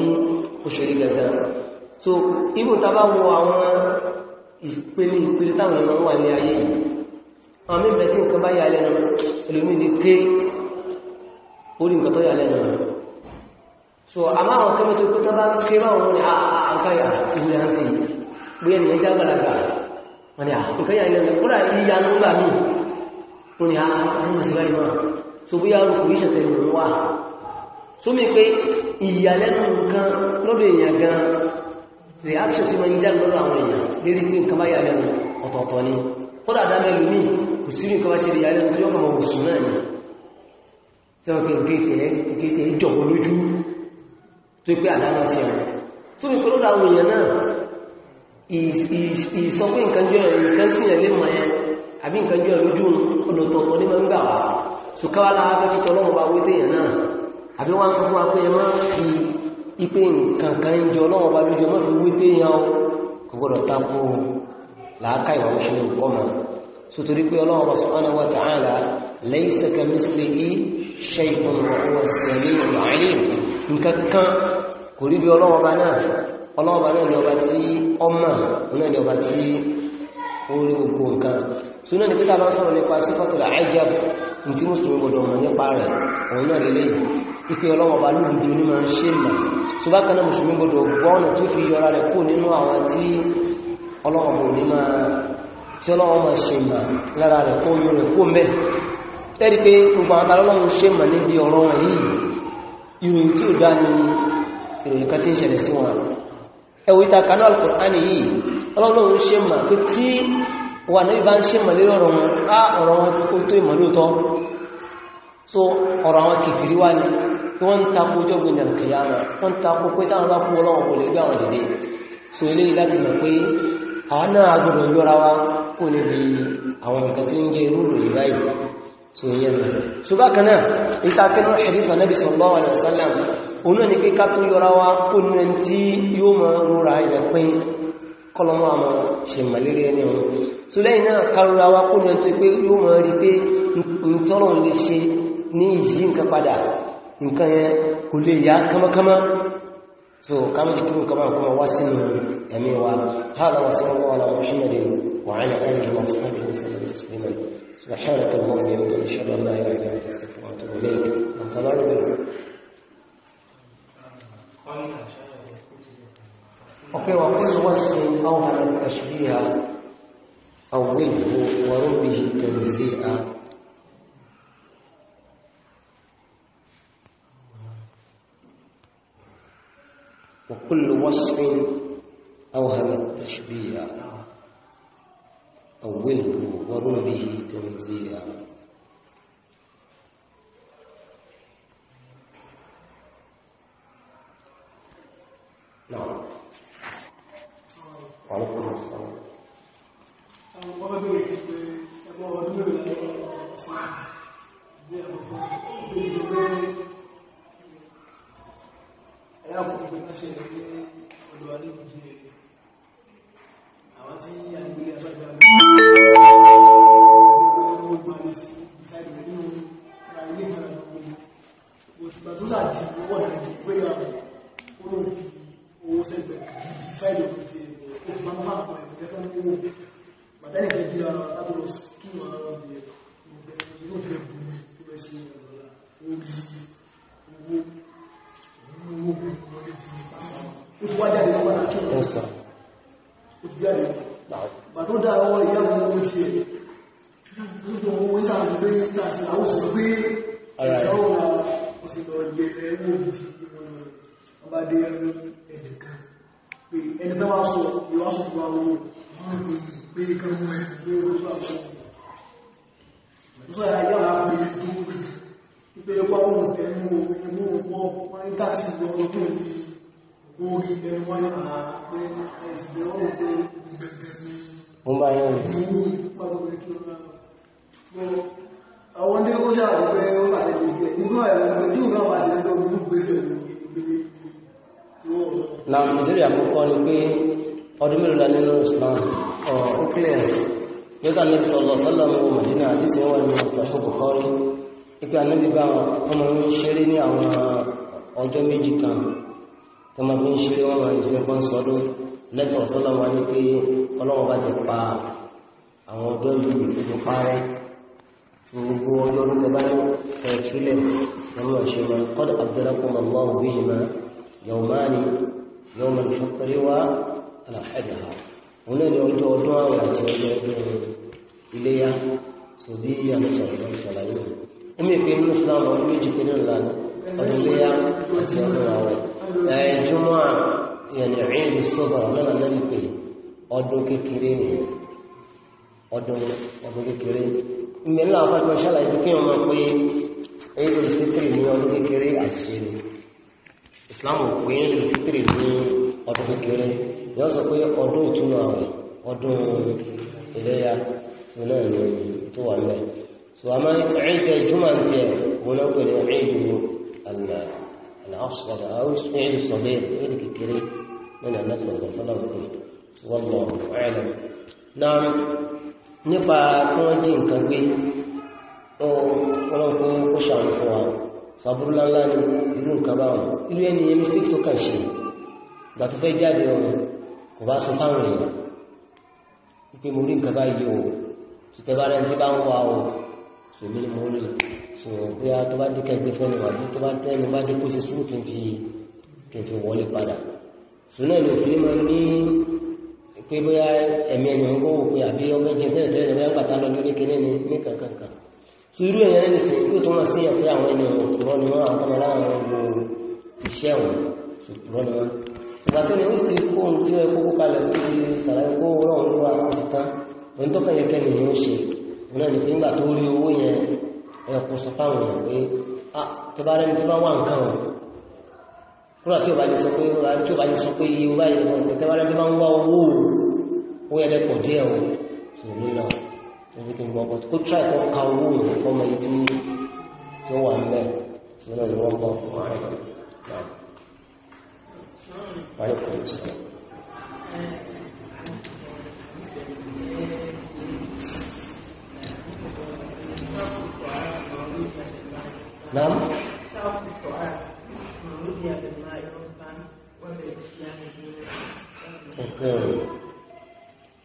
ó ṣe rí gẹ̀gẹ̀ so ibò tàbá wo àwọn ìpele ìpele táwọn èèyàn wà ní ayé àwọn mẹ́bẹ̀ tí nǹkan bá yà lẹ́nu ẹlòmí ní ké orí nǹkan tó yà lẹ́nu so àmá àwọn kẹ́mẹ́ tó kó tàbá ké báwọn ní àkáyà ah, ah, ah, ìwé à ń sí bóyá nìyẹn jágbàlagbà wọn ni à nǹkan yà lẹ́nu kúrò àyíyanu míì wọ́n ah, ni a mú sí báyìí náà so bí yá rùkú iṣẹ́ tẹ̀lú wà so mi pé ìyàlẹ́nu nǹkan lọ́dọ̀ èèyàn gan reaction ti ma ń dá lọ́dọ̀ àwọn èèyàn lérí pé nǹkan bá yàlẹ́nu ọ̀tọ̀ọ̀tọ̀ ni kọ́dà dámẹ́lú ní kò sí nǹkan bá ṣe ìyàlẹ́nu tó yọ́kọ̀ mọ̀ wòsùn náà ni tí wọ́n pé gẹ́ẹ̀tì ẹ̀ jọ̀wọ́ lójú tó pé àdámọ́ ti rẹ̀ so mi pé lọ́dọ̀ àwọn èèyàn náà ìsọ pé nǹkan jọ nǹkan sí ẹ̀ lé mọ̀ àbí nǹkan jọ lójú ọdọ̀ tọ̀tọ̀ ní máa ń gbà wá ṣùkáwálá afẹ́fẹ́ ọlọ́run bá wé téèyàn náà àbí wọ́n sọ fún wa pé ẹmọ́ fi ipé nǹkan kan ń jọ ọlọ́run bá lójú ọmọ fi wé téèyàn o kò gbọ́dọ̀ tako làákà ìwà oṣù ní nǹkan mọ́ so torí pé ọlọ́run bá subhanahu wa ta'ala laysa kamislihi shay'un wa huwa as-sami'ul náà ni ọba tí ọmọ náà ni ọba tí ó rí gbogbo nǹkan súnà ní pẹ́ta bá ń sọ̀rọ̀ nípa sífàtàlà àìjáb ní tí mùsùlùmí gbọdọ̀ mọ̀ nípa rẹ̀ òun náà lè léyìí ipe ọlọ́wọ̀ba lóòjò ní máa ń ṣe mà tó bá kaná mùsùlùmí gbọdọ̀ gbọ́nà tó fi yọra rẹ̀ kó nínú àwọn tí ọlọ́wọ̀bọ̀ ní máa tí ọlọ́wọ̀ máa ṣe mà lára rẹ̀ kó yọ rẹ̀ kó mẹ́ tẹ́rí wà ní ìbá ń ṣe mọ̀lẹ́rẹ̀ ọ̀rọ̀ wọn á ah, ọ̀rọ̀ wọn tó tó ìmọ̀lóòtọ́ so ọ̀rọ̀ àwọn kìfìrí wá ní wọ́n ń takó jọ́gbìn ní àkìyàmà wọ́n ń takó pé táwọn bá kú ọlọ́wọ́ kò lè gbé so eléyìí láti mọ̀ pé àwọn náà agbọ́dọ̀ yọra wa kò lè di so ìyẹn nù so bákan náà ìtakẹ́nu hadith anabi sallallahu ni pé ká tó yọra wa kò ní kọlọ́wọ́ àmà ṣe màlérí ẹni ọ̀rọ̀ tó lẹ́yìn náà karùra wa kó lọ tó pé yóò mọ̀ rí pé ìtọ́rọ̀ lè ṣe ní ìyí nǹkan padà nǹkan yẹn kò lè yá kámákámá so kámájì kí nǹkan máa kọmọ wá sínú ẹ̀mí wa hádà wa sọ́wọ́ wa lọ́wọ́ وكيوا نعم وكل وصف أو أوهم التشبيه أوله وربه تنسيئا وكل وصف أوهم التشبيه أوله وربه تنزيئا mélòó la nínú Islam ọ̀rọ̀ ó clear yọta ní sọlọ sọlọ mọ Madina àdìsí wọn ní Sahih Bukhari ipe anabi bá wọn ọmọ ń ṣeré ní àwọn ọjọ́ méjì kan tó máa fi ń ṣeré wọn máa ìṣẹ̀lẹ̀ kan sọdún lẹsọ sọlọ wọn ni pé Ọlọ́run bá ti pa àwọn ọjọ́ yìí ti parẹ́ gbogbo ọjọ́ al-adha òun náà ni ọjọ́ ọdún àwẹ̀ àti ọjọ́ ọdún iléyá tó bí àwọn ọ̀rọ̀ ìṣàlàyé rẹ̀ ó mẹ́ pé islam ọdún méjì pé náà lánàá ọdún iléyá àti ọdún àwẹ̀ ẹ̀ẹ́dúnmọ́ yẹn ìrìn sọ́bà lọ́nà náà ni pé ọdún kékeré ni ọdún ọdún kékeré ìgbẹ́ náà fàtí ṣàlàyé pé kí ọmọ pé ẹ̀yìn fìtìrì ní ọdún kékeré àṣìṣe ni islam pé ẹ̀yìn yọ sọ pé ọdún ìtúnu àwẹ̀ ile ya tó náà ni tó so a máa ń ẹ̀ẹ́dẹ̀ jùmọ̀ ní tiẹ̀ mo náà pè ní ẹ̀ẹ́dùn àmì àlàáṣọ́dà àwọn ẹ̀ẹ́dùn sọ̀lẹ̀ ẹ̀ẹ́dùn kékeré mẹ́ni àlẹ́sọ̀ lọ́sọ́lá òkú wọ́n mọ̀ ẹ̀ẹ́dùn náà nípa kí wọ́n jí nǹkan gbé wa ni tó jáde kò bá sọ fáwọn èèyàn wípé mo rí nǹkan báyìí o títẹ bá rẹni tí bá ń wá o sòmí ni mo rí sọ pé a tó bá dé kẹgbẹ fún ẹnìwà bí tó bá tẹ ẹni bá dé kó ṣe sùúrù kí n fi kí n fi wọlé padà sọ náà ni òfin máa ń ní pé bóyá ẹ̀mí ẹni ń gbọ́ òpin àbí ọgbẹ́ jẹ tẹ́lẹ̀ tẹ́lẹ̀ bóyá gbàtà lọ lórí kéré ni ní kankankan sọ irú ẹ̀yàn ẹni sì yóò tó máa sí ẹ̀pẹ́ àwọn ẹni òkúrọ́ ni wọ́n àwọn ọmọ aláwọ̀ ẹ̀rọ iṣẹ́ òun sòkúrọ́ ni wọ́n ìgbà tó ní ó sì kó ohun tí ó kó kó kalẹ̀ ó ti sàlàyé kó ọlọ́run ló wà kó tán òun tó kẹyẹ kẹyìn ni ó ṣe òun náà ní pé nígbà tó rí owó yẹn ẹ kó sọ fáwọn èèyàn pé a ah, tó bá rẹni tó bá wà nǹkan o kúrò tí ò bá lè sọ pé tí ò bá lè sọ pé iye owó ayé wọn tó bá rẹni tó bá ń wá owó o ó yẹ lẹ́pọ̀ díẹ̀ o sì ní lọ tó ti gbọ́ bọ́ kó tíráì kó ka owó òun kọ́ tí ó wà ń bẹ̀ sí ọlọ́run wọn bọ́ fún àárẹ̀ náà. وعليكم السلام نعم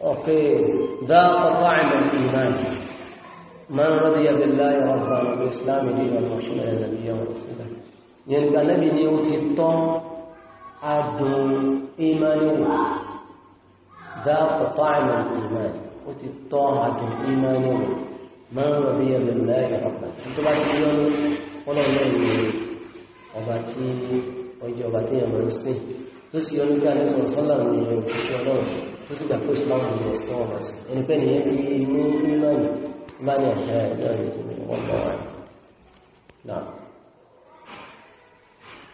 اوكي ذاق طعم الايمان من رضي بالله ربا وبالاسلام دينا وشمل النبي ورسوله يعني النبي نيوتي الطعم adùn ìmánì wò dáàpọ̀ tó àmì ìmánì ó ti tọ́ adùn ìmánì wò máa ń rọ̀bí ẹ̀mí láyé ọ̀pá tó bá ti yọ ní wọn náà yẹ ní ọba tí ọjọ́ ọba tí ẹ̀mọ̀ ń sìn tó sì yọ nígbà ní sọ̀rọ̀ sọ́là ní òṣìṣẹ́ ọlọ́run tó sì gbà pé ìsìláàmù ní ẹ̀sìn wọn lọ sí ẹni pé nìyẹn ti ní ìmánì ìmánì àṣà ìdáyẹ̀ tó ní wọ́n lọ́wọ́ náà.